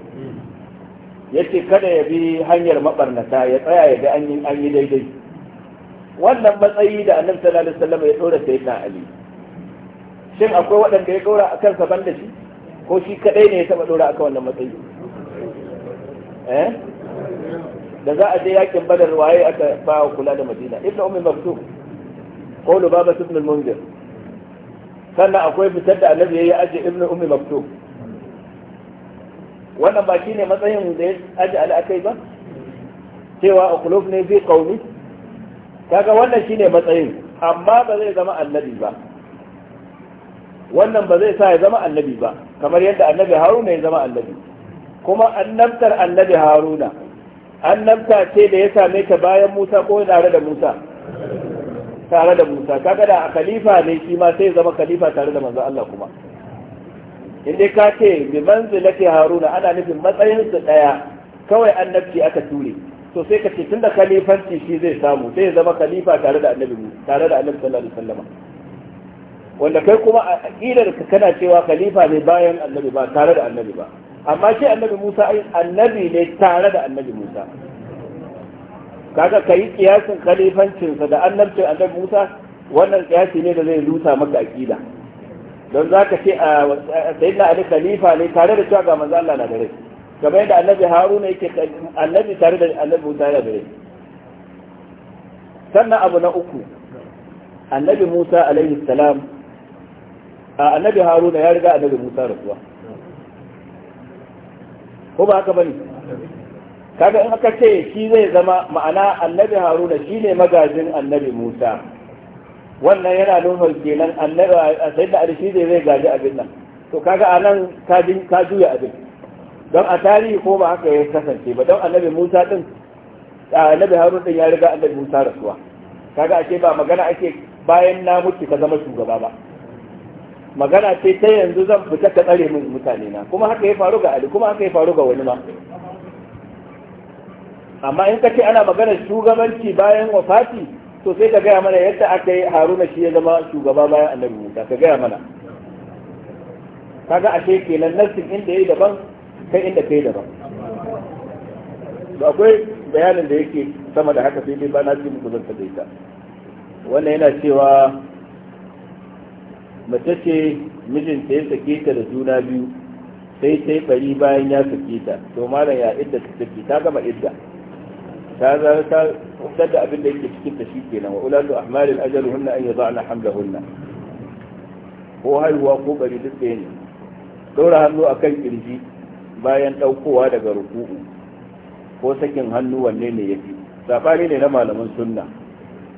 yace kada ya bi hanyar mabarnata ya tsaya ya ga an yi daidai wannan matsayi da annabi sallallahu alaihi wasallam ya dora na ali shin akwai waɗanda ya dora akan sa banda shi ko shi kadai ne ya taba dora akan wannan matsayi eh da za a je yakin badar waye aka ba kula da madina ibnu ummi maktum ko lubaba ibn al-munzir sannan akwai fitar da annabi yayi aje ibnu ummi maktum wannan baki ne matsayin da ya aje al'akai ba cewa a kulub ne zai qaumi kaga wannan shine matsayin amma ba zai zama annabi ba wannan ba zai sa ya zama annabi ba kamar yadda annabi haruna ya zama annabi kuma annabtar annabi haruna annabta ce da ya same ta bayan musa ko tare da musa tare da musa kaga da khalifa ne shi ma sai zama khalifa tare da manzo Allah kuma inda ka ce bi manzilati haruna ana nufin matsayin su daya kawai annabci aka ture to sai ka ce tun da kalifanci shi zai samu sai ya zama khalifa tare da annabi tare da annabi sallallahu alaihi wasallam wanda kai kuma a aqidar ka kana cewa khalifa ne bayan annabi ba tare da annabi ba amma shi annabi Musa ai annabi ne tare da annabi Musa kaga kai kiyasin khalifancin sa da annabcin annabi Musa wannan kiyasi ne da zai lusa maka aqida don zaka ce a sayyidina Ali khalifa ne tare da cewa ga manzo Allah na da rai kamar yadda annabi haruna yake annabi tare da annabi musa ya bare sannan abu na uku annabi musa alaihi salam a annabi haruna ya riga annabi musa rasuwa ko ba haka bane kaga in aka ce shi zai zama ma'ana annabi haruna shine magajin annabi musa wannan yana nufin kenan annabi sai da arshi zai gaji abin nan to kaga anan ka juya abin don a tarihi ko ba haka ya kasance ba don annabi musa din annabi harun din ya riga annabi musa rasuwa kaga ake ba magana ake bayan na mutu ka zama shugaba ba magana ce ta yanzu zan fita ka tsare min mutane na kuma haka ya faru ga ali kuma haka ya faru ga wani ma amma in ka ce ana magana shugabanci bayan wafati to sai ka gaya mana yadda aka yi haruna shi ya zama shugaba bayan annabi musa ka gaya mana kaga ashe kenan nassin inda yayi daban kai inda kai daban akwai bayanin da yake sama da haka sai dai ba na ji muku zan taɓa ita wannan yana cewa mace ce mijinta ya sake ta da juna biyu sai sai bari bayan ya sake ta to malam ya idda ta sake ta gama idda ta za ta da abin da yake cikin ta shi kenan wa ulatu ahmalil hunna an yada'na hamlahunna ko haihuwa ko bari duk da ne daura hannu akan kirji bayan ɗaukowa daga ruku'u ko sakin hannu wanne ne ya fi ne na malaman sunna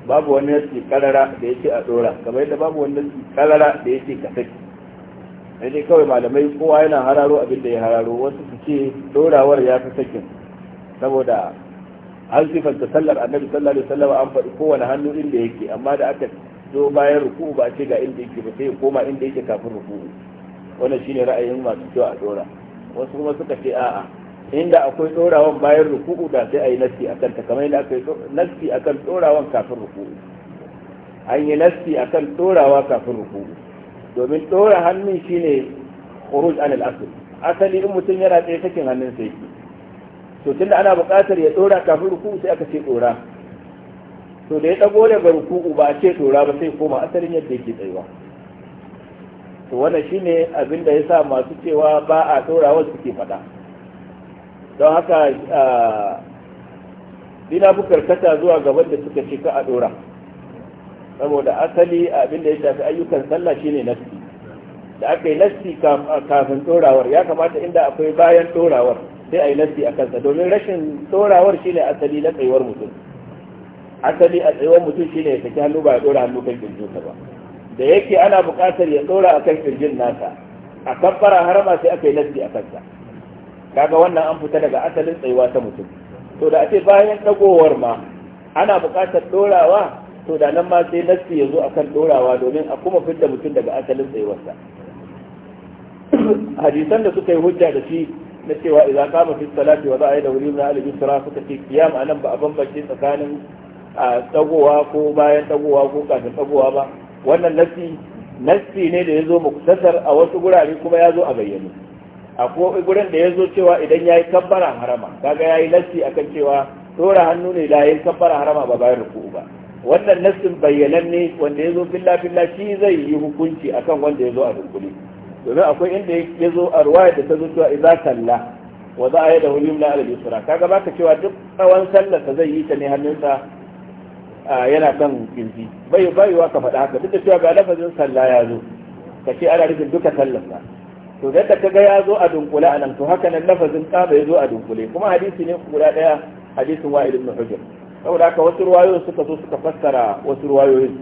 babu wani yake kalara da yake a ɗora kamar yadda babu wani yake kalara da yake ka saki dai kawai malamai kowa yana hararo abin da ya hararo wasu su ce ɗorawar ya fi sakin saboda an sifanta sallar annabi sallallahu alaihi wasallam an faɗi kowane hannu inda yake amma da aka zo bayan ruku'u ba a ce ga inda yake ba sai ya koma inda yake kafin ruku'u wannan shine ra'ayin masu cewa a ɗora wasu kuma suka ce a'a inda akwai tsorawan bayan ruku'u da sai ayi nassi akan kanta kamar yadda aka yi nassi akan tsorawan kafin ruku'u an yi nassi kan tsorawa kafin ruku'u domin tsora hannun ne khuruj an al asali in mutum yana tsaye sakin hannun sai ki to tunda ana buƙatar ya tsora kafin ruku'u sai aka ce tsora to da ya ɗago daga ruku'u ba a ce tsora ba sai koma asalin yadda yake tsayuwa to shi ne abin da ya sa masu cewa ba a dora suke faɗa don haka dina bukar kata zuwa gaban da suka ce ka a dora saboda asali abin da ya shafi ayyukan sallah shi ne nasti da aka yi nasti kafin dorawar ya kamata inda akwai bayan dorawar sai a yi nasti a kansa domin rashin shi ne asali na tsayuwar mutum asali a tsayuwar mutum shi ne ya saki hannu ba ya dora hannu kan kirjinsa ba da yake ana buƙatar ya ɗora akan kirjin nasa a kabbara harama sai aka yi nasi a kansa kaga wannan an fita daga asalin tsayuwa ta mutum to da a ce bayan ɗagowar ma ana buƙatar ɗorawa to da nan ma sai nasi ya zo akan ɗorawa domin a kuma fidda mutum daga asalin tsayuwarsa hadisan da suka yi hujja da shi na cewa idan kama fi salati wa za a yi da wuri na alibi sura suka ce kiyam nan ba a bambance tsakanin a tsagowa ko bayan tsagowa ko kafin tsagowa ba wannan nassi nassi ne da ya zo muktasar a wasu gurare kuma ya zo a bayyane akwai gurin da ya zo cewa idan ya yi kabbara harama kaga ya yi nassi akan cewa tora hannu ne da ya yi kabbara harama ba bayan ruku'u ba wannan nassin bayyanan ne wanda ya zo filla shi zai yi hukunci akan wanda ya zo a dunkule domin akwai inda ya zo a ruwaya da ta zo cewa idza salla wa za a yi da hulim al-yusra kaga baka cewa duk tsawon sallar zai yi ta ne hannunsa yana kan kirji bai bayuwa ka faɗa haka duk da cewa ga lafazin sallah ya zo ka ce ana rufin duka sallar sa to da ka ga ya zo a dunkule a nan to haka nan lafazin kaba ya zo a dunkule kuma hadisi ne guda ɗaya hadisin wa ibn hujr saboda haka wasu ruwayoyin suka zo suka fassara wasu ruwayoyin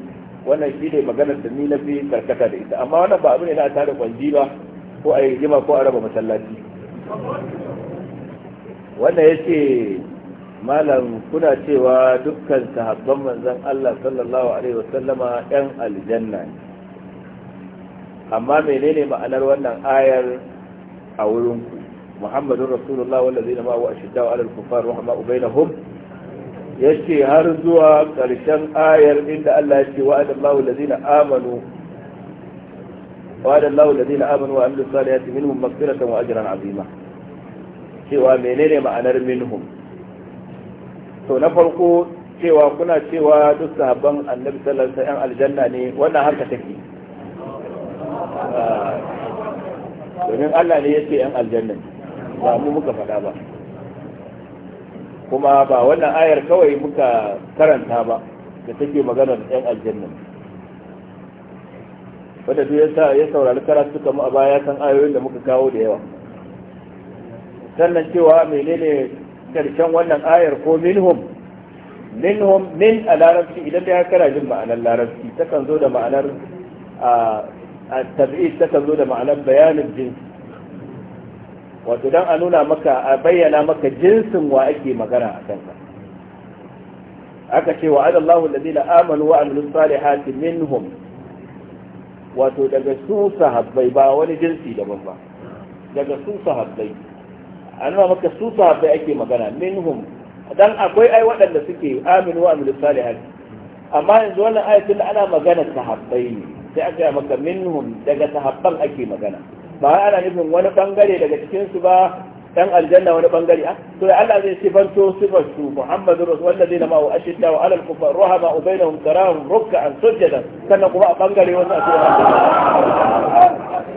wannan shi ne maganar da ni na fi karkata da ita amma wannan ba abu ne na a tare kwanji ba ko a yi jima ko a raba masallaci wannan ya ce malam kuna cewa dukkan sahabban manzon Allah sallallahu alaihi wasallama yan aljanna ne amma menene ma'anar wannan ayar a wurin ku muhammadun rasulullah wallazina ma'ahu wa 'alal kuffar rahma'u bainahum yace har zuwa karshen ayar inda Allah ya ce wa'adallahu allazina amanu وعد الله الذين آمنوا وعملوا الصالحات منهم مغفرة وأجرا عظيما cewa menene ma'anar minhum to na farko cewa kuna cewa duk sahabban annabi sallallahu alaihi wasallam aljanna ne wannan harka take ah, domin Allah ne yake yan aljanna ba mu muka faɗa ba kuma ba wannan ayar kawai muka karanta ba da take maganar yan aljanna wanda duk ya saurari karatu kamar a baya san ayoyin da muka kawo da yawa sannan cewa menene karshen wannan ayar ko minhum minhum min a larabci idan da ya kana jin ma'anar larabci takan zo da ma'anar a tabi'id takan zo da ma'anar bayanin jinsi wato don a nuna maka a bayyana maka jinsin wa ake magana a kanka aka ce wa adallahu alladhina amanu wa amilus salihati minhum wato daga su sahabbai ba wani jinsi daban ba daga su sahabbai a nuna maka su sahabbai ake magana minhum dan akwai ai waɗanda suke aminu wa amilu salihan amma yanzu wannan da ana magana sahabbai ne sai aka yi maka minhum daga sahabban ake magana ba ana nufin wani bangare daga cikin su ba dan aljanna wani bangare a ah, to ya Allah zai sifanto sifar su Muhammadu rasul wallazi na ma'u ashidda wa alal kufar rahama ubainahum karahum ruk'an sujadan sannan kuma a bangare wasu a cikin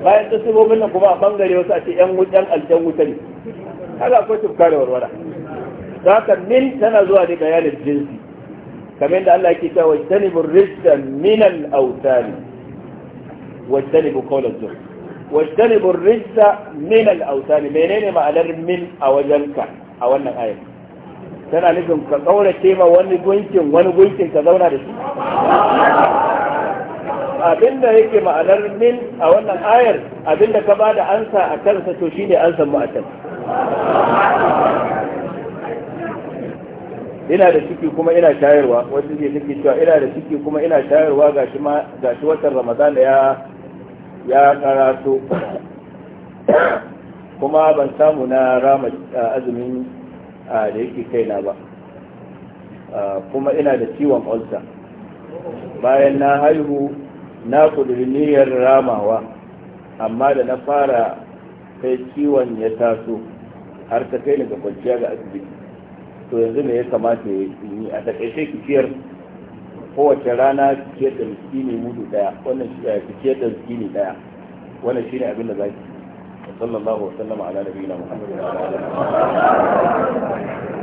bayan ta sifofin nan kuma a bangare wasu a cikin yan aljan wuta ne ko akwai tufkare warwara zaka min tana zuwa ne bayanin jinsi kamar yadda Allah yake cewa wajtanibur rijsa min al-awtani wajtanibu qawla az-zuhr wajtanibur rijza min al-awtani menene ma'anar min a wajenka a wannan ayat tana nufin ka kaurace ma wani gunkin wani gunkin ka zauna da shi abinda yake ma'anar min a wannan ayar abinda ka ba da ansa a kansa to shine ansan mu a can ina da ciki kuma ina shayarwa wanda zai take cewa ina da ciki kuma ina shayarwa gashi ma gashi watan Ramadan ya ya karato kuma ban samu na rama ah, azumin ah, da yake kaina ba ah, kuma ina da ciwon ulta bayan na haihu na niyyar ramawa amma da na fara kai ciwon ya taso har ta kai ni ga kwanciya ga asibiti to yanzu me ya kamata ya yi a takaice ki kowace rana ciyar da ne mudu daya wannan shi ya fi ciyar da ne daya wannan shi ne abin da zaki sallallahu alaihi wa sallam ala nabiyina muhammad